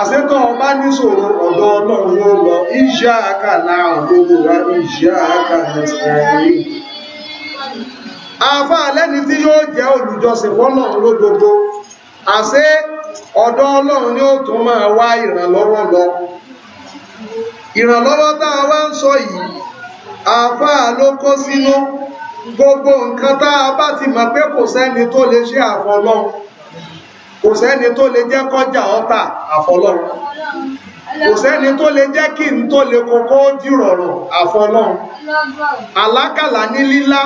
àṣẹ́tọ̀ ọba níṣòro ọ̀dọ̀ ọlọ́run ló lọ iṣẹ́ àkà láàrùn gbogbo wa iṣẹ́ àkà lẹ́sẹ̀rẹ́ àfá lẹ́ni tí yóò jẹ́ olùjọsìn fọ́lọ́run ló gbogbo àṣẹ ọ̀dọ̀ ọlọ́run ni tún máa wá ìrànlọ́wọ́ lọ ìrànlọ́wọ́ tá a wá ń sọ yìí àfá ló kó sínú gbogbo nǹkan tá a bá ti mọ̀ pé kò sẹ́ni tó lè ṣe àfọlọ́run kò sẹ́ni tó lè jẹ́ kọjá ọ̀tà àfọlọ́run kò sẹ́ni tó lè jẹ́ kí n tó lè kókó dìrọ̀rọ̀ àfọlọ́run àlákàlà ní lílá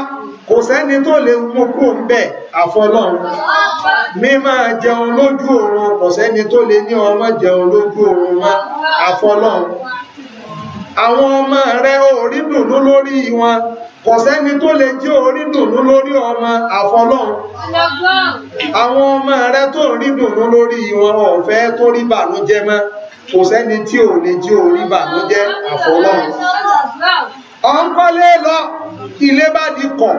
kò sẹ́ni tó lè mú kú ń bẹ̀ àfọlọ́run mímọ́ jẹun lójú oorun kò sẹ́ni tó lè ní ọmọ jẹun lójú oorun mọ́ àfọlọ́run àwọn ọmọ rẹ orí dùnú lórí wọn kò sẹ́ni tó lè jẹ́ orí dùnú lórí ọmọ àfọlọ́hun àwọn ọmọ rẹ tó rí dùnú lórí wọn ọ̀fẹ́ tó rí bànújẹ́ mọ́ kò sẹ́ni tí ò lè jẹ́ orí bànújẹ́ àfọlọ́hun ọ̀nkọ́lé lọ ilé bá di kọ̀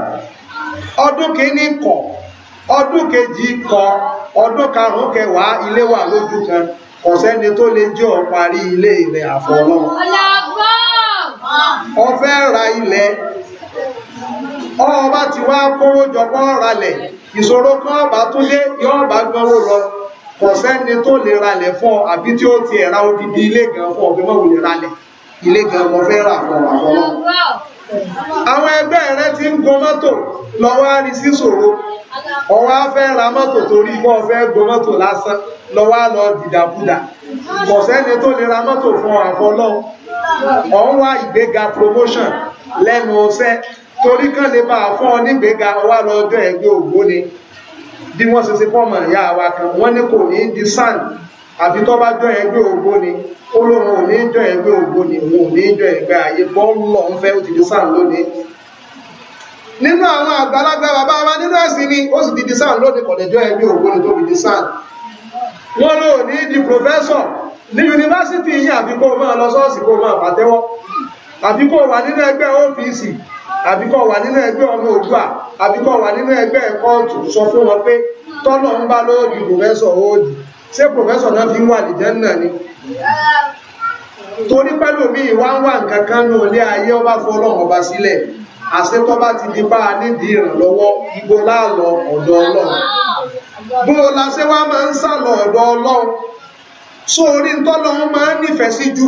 ọdún kìíní kọ̀ ọdún kejì kọ̀ ọdún karùn-ún kẹwàá ilé wà lójú kan kò sẹ́ni tó lè jẹ́ ọ parí ilé rẹ̀ àfọlọ́run ó fẹ́ ra ilẹ̀ ọba ti wá kówó jọpọ̀ ralẹ̀ ìṣòro kan ọba tó dé yọọba gbọ́wó lọ kò sẹ́ni tó lè ralẹ̀ fún ọ àbí tí ó ti ẹ̀ra odidi ilé gan fún ọ pé mọ̀ wò lè ralẹ̀ ilé gan mo fẹ́ rà fún ọ àwọn ẹgbẹ́ rẹ ti ń gun mọ́tò lọ́wọ́ á rí sí ṣòro ọwọ́ á fẹ́ ra mọ́tò torí bọ́ fẹ́ gun mọ́tò lásán lọ́wọ́ á lọ dìdàkudà kò sẹ́ni tó lè ra mọ́tò fún àfọlọ́hún ọ̀hún wá ìgbéga promotion lẹ́nu ọ̀sẹ̀ torí kán lè bá fún ọ nígbéga wá lọ́jọ́ ẹgbẹ́ ògbóni bí wọ́n ṣe ṣe fọ́ọ̀mù ìyá wa kan wọ́n ní kò ní di àti tó bá jọ ẹgbẹ́ ògbó ni ó lóun ò ní jọ ẹgbẹ́ ògbó ni òun ò ní jọ ẹgbẹ́ ayé fẹ́ ó ti di sáà lónìí nínú àwọn àgbàlagbà bàbá wa nínú ẹ̀sìn ni ó sì ti di sáà lónìí kọ̀dẹ̀jọ́ ẹgbẹ́ ògbó ni tó fi di sáà ní di ní yunifásitì yìí àbí kó máa lọ sọ́ọ̀sì kó ṣé pòfẹ́sọ̀ náà fi ń wà ní jẹ́nà ni torí pẹ́lú mi wá ń wà nǹkan kan ní olé ayé ọba fọlọ́run ọba sílẹ̀ àṣetọ́ bá ti di bá a nídìí ìrànlọ́wọ́ igbó láàlọ́ ọ̀dọ̀ ọlọ́run bó o la ṣe wá máa ń sàlọ̀ ọ̀dọ̀ ọlọ́run só orí ntọ́lọ́run máa ń nífẹ̀ẹ́ sí jù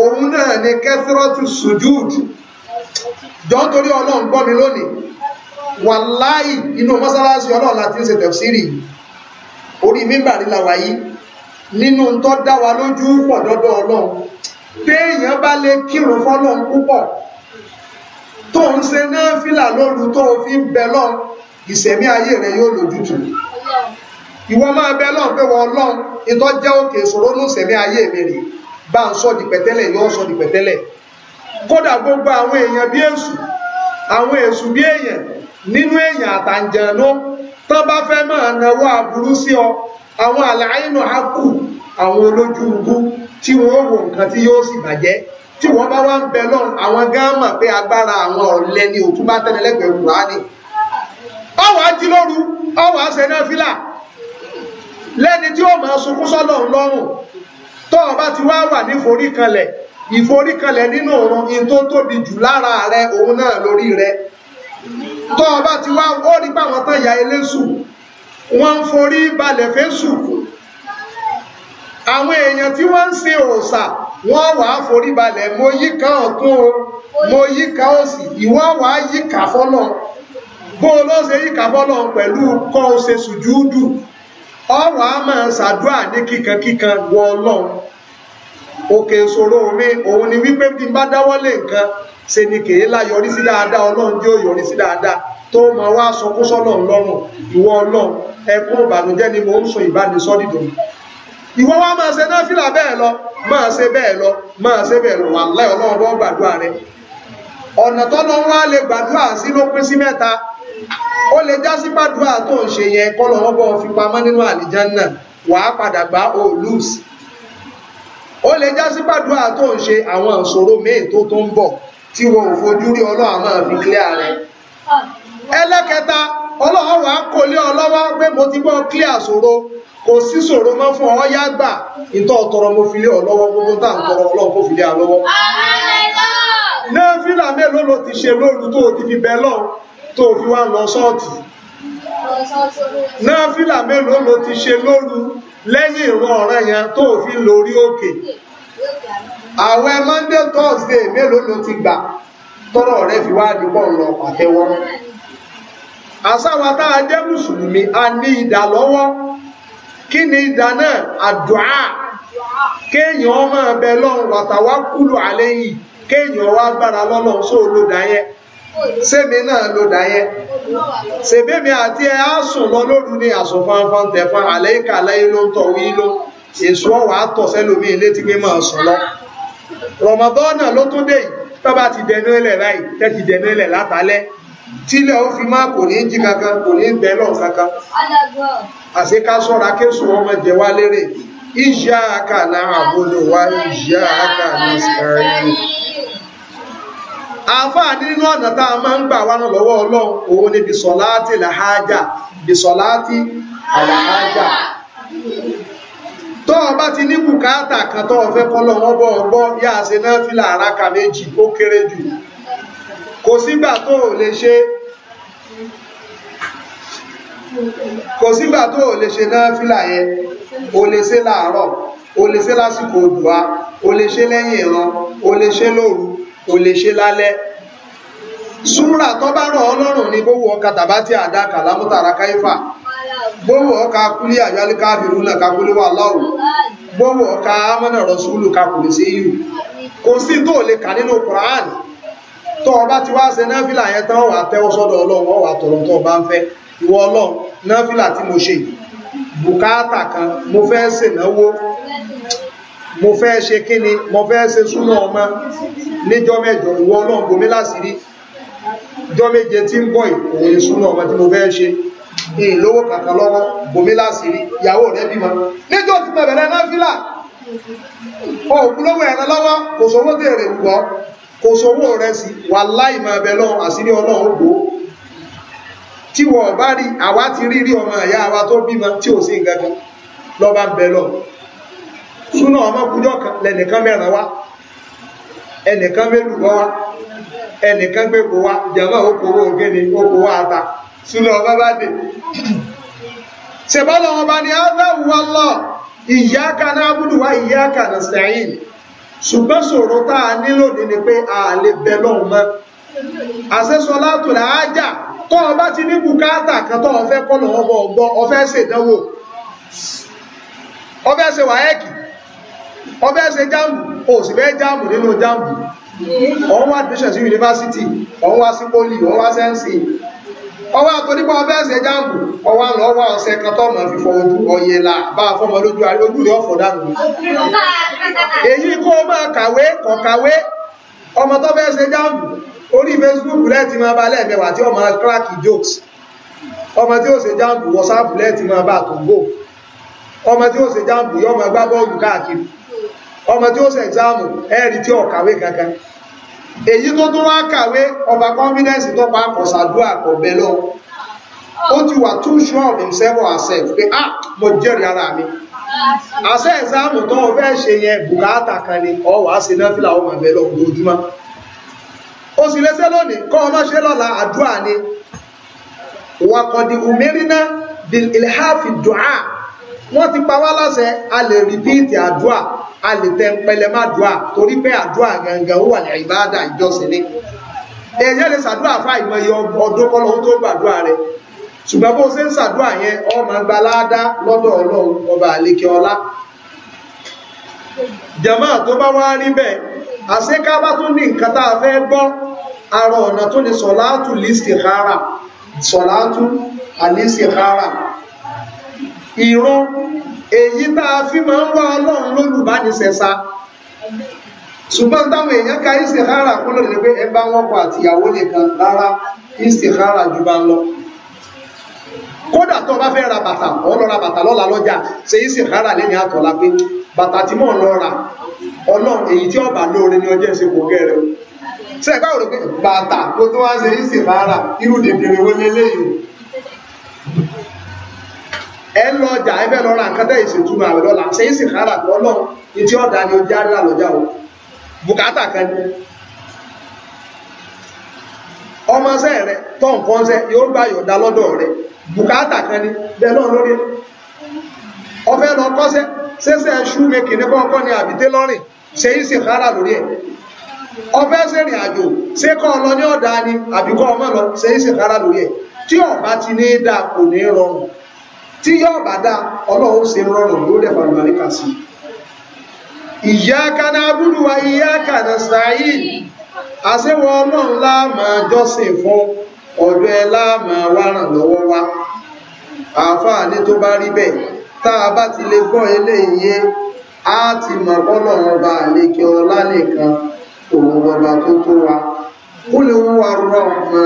òun náà ni kẹ́sírọ́tù sùjúùdù jọ ń torí ọlọ́run gbọ́ mi lónìí wàláì inú mọ́sálásí ọlọ́run láti ń ṣe tẹ̀síìrì yìí orí mímbàrí la wà yìí nínú tó dá wa lójú pọ̀ dọ́dọ̀ ọlọ́run téèyàn bá lè kírun fọ́lọ́run púpọ̀ tó ń ṣe náà fìlà lóru tó fi ń bẹ lọ́n ìṣẹ̀mí ayé rẹ̀ yóò lójútù ìwọ máa bẹ lọ́n pé wọ́n lọ́n ìtọ́ jẹ́ òkè ìṣòro ní ìṣẹ̀mí ayé mi rè bá ń sọ di pẹ̀tẹ́lẹ̀ yóò sọ di pẹ̀tẹ́lẹ̀ kódà gbogbo àwọn èèyàn bí èṣù àwọn èṣù bí èèyàn nínú èèyàn àtàǹjẹ̀ náà tán bá fẹ́ máa náwó si ọ àwọn àlàáyínà á kù àwọn olójú ugwu tí wọn ó wò nǹkan tí yóò sì bàjẹ́ tí wọn bá wá ń bẹ awọn àwọn gáàmà pé agbára àwọn ọ̀lẹ́ ni òtún bá tẹ́lẹ̀ lẹ́gbẹ̀ẹ́ kùránì ọwọ́ ají lóru ọwọ́ àṣẹ náà fílà lẹ́ni tí ó máa sunkún ọba ti wá wà ní ìforíkanlẹ̀ nínú òun jù náà lórí rẹ tọ́ ọba ti wá ó rí báwọn tán ìyá eléṣù wọ́n ń forí balẹ̀ fésù àwọn èèyàn tí wọ́n ń ṣe òòṣà wọ́n wà á forí balẹ̀ mo yíká ọ̀tún o mo yíká òsì ìwọ́ wà á yíká fọ́lọ̀ bó o ló ṣe yíká fọ́lọ̀ pẹ̀lú kọ́ o ṣe sùjúdù ọwọ́ a máa ṣàdúrà ní kíkankíkan wọ ọlọ́run òkè ìṣòro mi òun ni wípé bí n bá dáwọ́lé nǹkan ṣe ni kèé lá yọrí sí dáadáa ọlọ́run jẹ́ òyọrí sí dáadáa tó máa wá sọkún sọ́nà ọlọ́run ìwọ ọlọ́run ẹkún ìbànújẹ́ ni mo ń sọ ìbánisọ́ dídùn ìwọ wa máa ṣe náfìlà bẹ́ẹ̀ lọ máa ṣe bẹ́ẹ̀ lọ máa ṣe bẹ́ẹ̀ lọ wàláì ọlọ́run bọ́ gbàdúrà rẹ ọ̀nà tọ́nà wá lè gbàdúrà sí ló pín sí mẹ́ta ó lè já sí gbàdúrà tó ń ṣe yẹn kọ́ lọ́wọ́ bọ́ fi pamọ́ nínú àlìjánná wàá padà gbá o lose ó lè já sí gbàdúrà tó ń ṣe àwọn ìṣòro míì tó tó ń bọ̀ tí wọn ò fojú rí ọlọ́run máa fi clear rẹ̀ ẹlẹ́kẹta ọlọ́run wàá kọlé ọlọ́wọ́ pé mo ti gbọ́ clear ṣòro kò sí ṣòro mọ́ fún ọ yá gbà ìtọ́ ọ̀tọ̀rọ̀ mo fi lé ọlọ́wọ́ gbogbo tá à ń tọrọ ọlọ́run kò fi lé ọlọ́wọ́. náfìlà mélòó ló ti ṣe lóru tó o ti fi bẹ lọ́hùn tó o fi wá lọ ṣọ́ọ̀tì náfìlà mélòó ló ti ṣe lóru lẹ́yìn ìran ọ̀ràn yẹn tó o fi lórí òkè ẹ monday thursday mélòó ló ti gbà tọrọ rẹ fi wá dúpọ lọ pàtẹ́wọ́ àsáwà tá a jẹ́ mùsùlùmí a ní ìdá lọ́wọ́ kí ni ìdá náà àdùá kéèyàn ọmọ ẹbẹ lọ́hùn wàtàwá kúlù alẹ́ yìí kéèyàn wá gbára lọ́lọ́ só lòdà yẹn sẹ́mi náà lòdà yẹn sèbémi àti ẹ á sùn lọ lóru ní àsùn fanfan tẹ̀fan àlẹ́ ìkàlẹ́ yìí ló ń tọ̀ wí ló èso ọ̀wà àtọ̀sẹ́lómi létí pé máa sùn lọ. rọmọdọ́nà ló tún dé yìí tọ́ba ti dẹnu ẹlẹ̀ láì tẹ́ ti dẹnu ẹlẹ̀ látàlẹ́ tílẹ̀ ó fi máa kò ní jí kankan kò ní bẹ́ lọ kankan àṣẹ ká sọ́ra kéṣù ọmọ jẹ wá lérè ìṣẹ́ àkà náà àbúlò wá ìṣẹ́ àkà náà sẹ́rẹ́ àfáà nínú ọ̀nà tá a máa ń gbà wá lọ́wọ́ ọlọ́run òun ni bisolati làhájà bisolati àlàhájà tọ́ ọ bá ti ní bùkátà kan tọ́ ọ fẹ́ kọ́lọ̀ wọ́n bọ́ ọgbọ́ yá ṣe náà fi làárá ka méjì ó kéré jù kò sígbà tó ò lè ṣe kò sígbà tó ò lè ṣe náà fi làyẹ ò lè ṣe láàárọ̀ ò lè ṣe lásìkò òdùá ò lè ṣe lẹ́yìn ìran ò lè ṣe lóru ò lè ṣe lálẹ́ súnmùrà tọ́ bá rọ̀ ọlọ́run ní gbogbo ọkà tàbátì àdá kàlámùtàrà káífà gbogbo ọka kúlí àyálí káfíìrú náà kakúlé wà láwù gbogbo ọka amánà rọ̀súlù kakùlé sí yìí kò sí tó lè kà nínú Quran tó ọba ti wá ṣe náfìlà yẹn tán wà tẹ́wọ́ sọ́dọ̀ Ọlọ́run ọwà tọ̀rọ̀ tó ọba ń fẹ́ ìwọ Ọlọ́run náfìlà tí mo ṣe bùkátà kan mo fẹ́ ṣe náwó mo fẹ́ ṣe kíni mo fẹ́ ṣe súnmọ́ ọmọ níjọ́ mẹ́jọ ìwọ Ọlọ́run bòmí láṣìírí jọ́ méje tí ń bọ̀ ìkòwé súnmọ́ ọmọ tí mo fẹ́ ṣe èyí lówó kàkà lọ́wọ́ bòmí láṣìírí ìyàwó rẹ̀ bímọ níjọ́ tí mo bẹ̀rẹ̀ náfìlà òkú lówó ẹ̀rọ lọ́wọ́ kò sówó tèrè wọ́ kò sówó rẹ̀ sí wà láì máa bẹ̀ lọ́wọ́ àṣírí ọlọ́run gbò tí wọ́n bá rí àwa ti rí rí ọmọ wa tó bímọ tí ò sí nǹkan kan lọ́ba ń bẹ̀ lọ́wọ́ súnà ọmọ kújọ́ kan ẹnìkan mélùú wá wá jẹ̀mọ́ okòwò ògẹ́ni okòwò ata súnà ọba bá dé ṣèbọ́lọ̀ ọba ni aláwọ̀lọ́ iyyaka na'budu wa iyyaka nasta'in ṣùgbọ́n ṣòro tá a nílò ní ni pé a lè bẹ lọ́hùn mọ́ àṣẹ́sọ látòlá ájà tó ọba ti ní bùkátà kan tó ọfẹ́ kọ́nà ọmọ ọgbọ́n ọfẹ́ ṣèdánwò ọfẹ́ ṣe wáyẹ́kì ọfẹ́ ṣe jáàmù o sì fẹ́ jáàmù nínú jáàmù ọ̀hún wá admission sí yunifásitì ọ̀hún wá sí poli ọ̀hún wá sẹ́ńsì ọwọ́ àtọ́nípa ọbẹ̀ ẹ̀sẹ̀ jáàmù ọwọ́ àlọ́ ọwọ́ ọ̀sẹ̀ kan tó mọ̀ fífọ ojú ọyẹ là bá a fọmọ lójú àrí ojú rẹ̀ ọ̀fọ̀ dànù. èyí kó o máa kàwé kọ̀ kàwé ọmọ tó fẹ́ ṣe jáàmù orí Facebook lẹ́ẹ̀tì máa bá lẹ́ẹ̀mẹwàá tí ọmọ crack jokes ọmọ tí ó ṣe jáàmù WhatsApp lẹ́ẹ̀tì máa bá kòǹgò ọmọ tí ó ṣe jáàmù yọmọ gbá bọ́ọ̀lù káàkiri ọmọ tí ó ṣe exam ẹ̀rí tí ọ̀kàwé kankan èyí tó tún wá kàwé ọba confidence tó pa àkọsàdúrà kò bẹ lọ ó ti wà too sure of himself or herself pé ah mo jẹ́rìí ara mi àṣẹ ẹ̀sáàmù tó wọ́n fẹ́ ṣe yẹn bùkátà kan ni ọ wàá ṣe náà fìlà ọmọ ẹ̀bẹ̀ lọ́wọ́ lójúmọ́ ó sì lẹ́sẹ̀ lónìí kọ́ ọmọ ṣe lọ́la àdúrà ni wàkọ̀dì òmìnirínà bilhafi dùá wọ́n ti pa wá láṣẹ a lè rìpíìtì àdúà a lè tẹ pẹlẹ má dùà torí pé àdúà gangan ó wà ní ìbáàdà ìjọsìn ni ẹ̀yẹ́ lè ṣàdúà fún àìmọye ọdún kọ́ lọ́wọ́ tó gbàdúà rẹ̀ ṣùgbọ́n bó ṣe ń ṣàdúà yẹn ọmọ gba láàdá lọ́dọ̀ ọlọ́run ọba àlékè ọlá jàmá tó bá wá rí bẹ́ẹ̀ àṣeká bá tún ní nǹkan tá a fẹ́ gbọ́ àrọ̀ ọ̀nà tó ní sọ̀láàtù listikhara ìrun èyí tá a fi máa ń wá ọlọ́run lólùbánisẹ̀sà ṣùgbọ́n táwọn èèyàn ka istikhara kó lónìí pé ẹ bá wọn kọ àtìyàwó nìkan rárá istikhara jù bá lọ kódà tó o bá fẹ́ ra bàtà o lọ ra bàtà lọ́la lọ́jà ṣe istikhara lẹ́yìn àtọ̀lá pé bàtà tí mò ń lọ rà ọlọ́run èyí tí ọba lóore ní ọjọ́ ìsìnkú gẹ̀rẹ́ ṣe ẹ̀gbá òrò pé bàtà kó tó wá ṣe istikhara irú dèbèrè wọlé lẹ́yìn ẹ ń lọ ọjà ẹ fẹ́ lọ ra nǹkan tẹ́ ìṣètùnú àwẹ̀ lọ́la ṣe ń sì kára tó lọ ní tí ọ̀dà ni ojú àdúrà lọ́jà o bùkátà kan ni ọmọ ṣẹ́ rẹ tọ́ nǹkan ṣẹ́ yóò gbà yọ̀dá lọ́dọ̀ rẹ bùkátà kan ni bẹ́ẹ̀ náà lórí ọfẹ́ lọ kọ́ṣẹ́ ṣẹ́ṣẹ́ ṣúmẹ́kì ní kọ́kọ́ ni àbíté lọ́rìn ṣe ń sì kára lórí ẹ̀ ọfẹ́ sẹ́rìn àjò ṣé kọ́ ọ lọ ní ọ̀dà ni àbíkọ́ ọmọ lọ ṣe ń sì kára lórí ẹ̀ tí ọ̀bá ti ní dáa kò ní rọrùn tí yóò bá dá ọlọ́run ṣe rọrùn ló dẹ̀ fàlù àríkà sí ìyáka náà búdú wa ìyáka náà sàáyì àṣewọ ọlọ́run láàmà jọ́sìn fún ọ̀dọ̀ ẹ láàmà wárán lọ́wọ́ wa àáfàá ní tó bá rí bẹ́ẹ̀ tá a bá ti lè gbọ́ eléyìí á ti mọ̀ bọ́lọ́run ọba àlekè ọlá nìkan òun ọba tó tó wa ó lè wọ́n rọ̀ mọ́ ọ.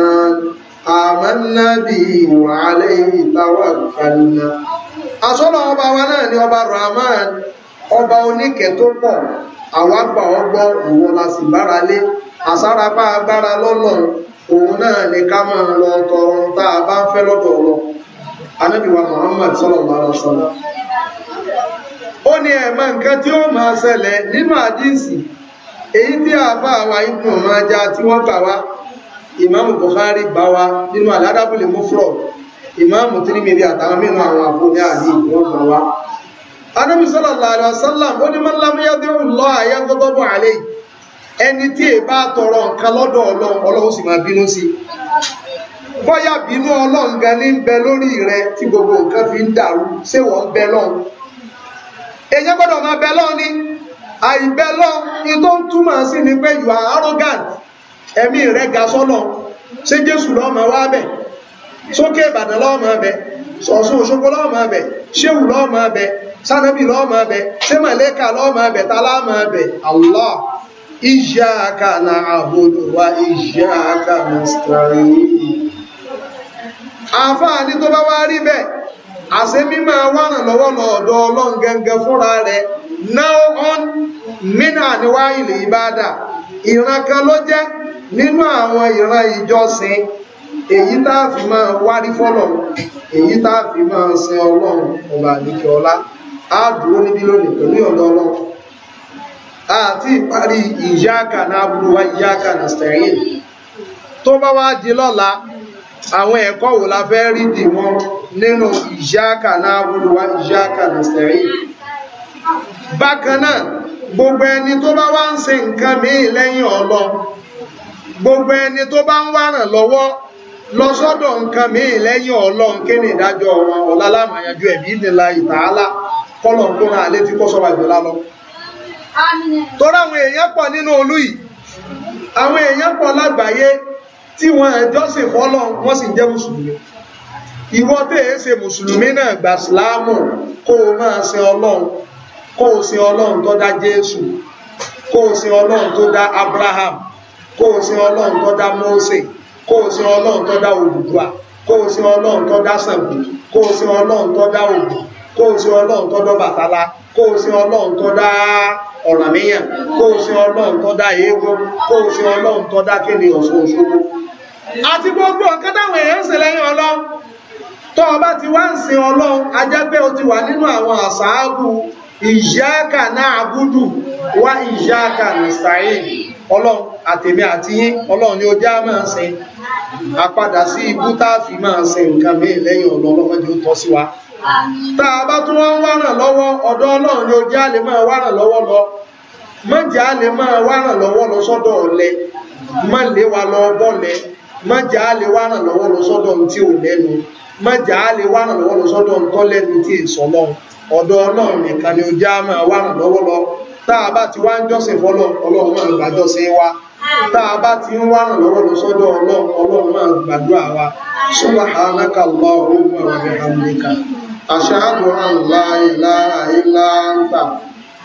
àmàna bíi wà á lẹ́yìn ìtawà àlùfáàlùmá. àsọ̀rọ̀ ọba wa naa ni ọba rahman ọba onike to pọ̀ àwa gbà ọ́ gbọ́ òun la sì bára lé àsárapá agbára ni a bá sallallahu alaihi wasallam ó ní ẹ̀mọ́ nǹkan tí ó máa ṣẹlẹ̀ nínú àdínsì èyí tí àbá máa já tí wọ́n ìmáàmù Bukhari bawa, wa nínú aládàbùlẹ̀ mufrọ̀ ìmáàmù Tirmidhi àtàwọn mìíràn àwọn àfúnni àdí wọn bá wa. anábì sallallahu alaihi wasallam ó ní man lam yad'u Allaha yaghdabu alayhi ẹni tí è bá tọrọ nǹkan lọ́dọ̀ ọlọ́run ọlọ́run sì máa bínú sí bọ́yá bínú ọlọ́run gan ní ń bẹ lórí rẹ tí gbogbo nǹkan fi ń dàrú ṣé wọ́n ń bẹ lọ́run èyàn gbọ́dọ̀ máa bẹ lọ́run ni àìbẹ lọ́run ni tó ń túmọ̀ sí ni pé you are arrogant Emi rẹ ga sọ́lọ̀ ṣé jésù lọ́mọ wá bẹ̀ sókè ìbàdàn lọ́mọ bẹ̀ sọ̀sùn òṣogbo lọ́mọ bẹ, ṣéwù lọ́mọ bẹ, sánábì lọ́mọ bẹ, ṣé màlẹ́kà bẹ, bẹ̀ ta lámọ bẹ̀ Allah iyyaka na'budu wa iyyaka nasta'in àfáàní tó bá wá rí bẹ́ẹ̀ àṣẹ mímọ̀ wárán lọ́wọ́ lọ́ọ̀dọ̀ ọlọ́run gẹ́gẹ́ fúnra nínú àwọn ìran ìjọsìn èyí tá a fi máa wárí fọ́lọ̀ èyí tá a fi máa sin ọlọ́run ọba àdìkẹ́ ọlá á dúró níbí lónìí pẹ̀lú ọ̀dọ́ ọlọ́run àti ìparí ìyáàkà náà burú wá ìyáàkà náà stẹ̀yìn tó bá wá di lọ́la àwọn ẹ̀kọ́ wo la fẹ́ rí dì wọ́n nínú ìyáàkà náà burú wá ìyáàkà náà stẹ̀yìn bákan náà gbogbo ẹni tó bá wá ń ṣe nǹkan míì lẹ́yìn ọlọ́run gbogbo ẹni tó bá ń wárán lọ́wọ́ lọ sọ́dọ̀ nǹkan míì lẹ́yìn ọlọ́run kí ni ìdájọ́ wọn ọ̀la lámàyànjú ẹ̀bí ìdìlà ìtàhálà kọ́lọ̀ tó ra àlé tí sọ́ra lọ. àwọn èèyàn pọ̀ nínú olú yìí àwọn èèyàn pọ̀ lágbàáyé tí sì jẹ́ mùsùlùmí ìwọ mùsùlùmí náà tó dá jésù kó abraham kó o sin ọlọ́run tó dá Mósè kó o sin ọlọ́run tó dá Odùduwà kó o sin ọlọ́run tó dá Ṣàngó kó o sin ọlọ́run tó dá Ògún kó o sin ọlọ́run tó dá Bàtálá kó o sin ọlọ́run tó dá Ọ̀rànmíyàn kó o sin ọlọ́run tó dá eégún kó o sin ọlọ́run tó dá kéde Ọ̀ṣun Òṣogbo àti gbogbo ọ̀kan táwọn èèyàn ń ṣe lẹ́yìn ọlọ́run tó o bá ti wá ń sin ọlọ́run a pé o ti wà nínú àwọn àṣáágù ìyáàkà náà àbúdù wá ìyáàkà nìsàyìn ọlọ́run àtèmi àti yín ọlọ́run ni ó já máa sin àpadà sí ibú tá a fi máa sin nǹkan mìíràn lẹ́yìn ọ̀nà ọlọ́run ó tọ́ sí wa ni ó já lè máa wá ràn lọ́wọ́ lọ má lè máa wá lọ sọ́dọ̀ má wa lọ bọ́lẹ̀ lè wá lọ sọ́dọ̀ ohun tí ò lẹ́nu lè lọ sọ́dọ̀ ohun tọ́lẹ́nu tí ọlọ́run ni ó já máa wá lọ tá a bá ti wá ń jọ́sìn fọ́lọ́ ọlọ́run máa gbàjọ́sìn wa tá a bá ti ń wá ràn lọ́wọ́ lọ sọ́dọ̀ ọlọ́run ọlọ́run máa gbàdúrà wa subhanaka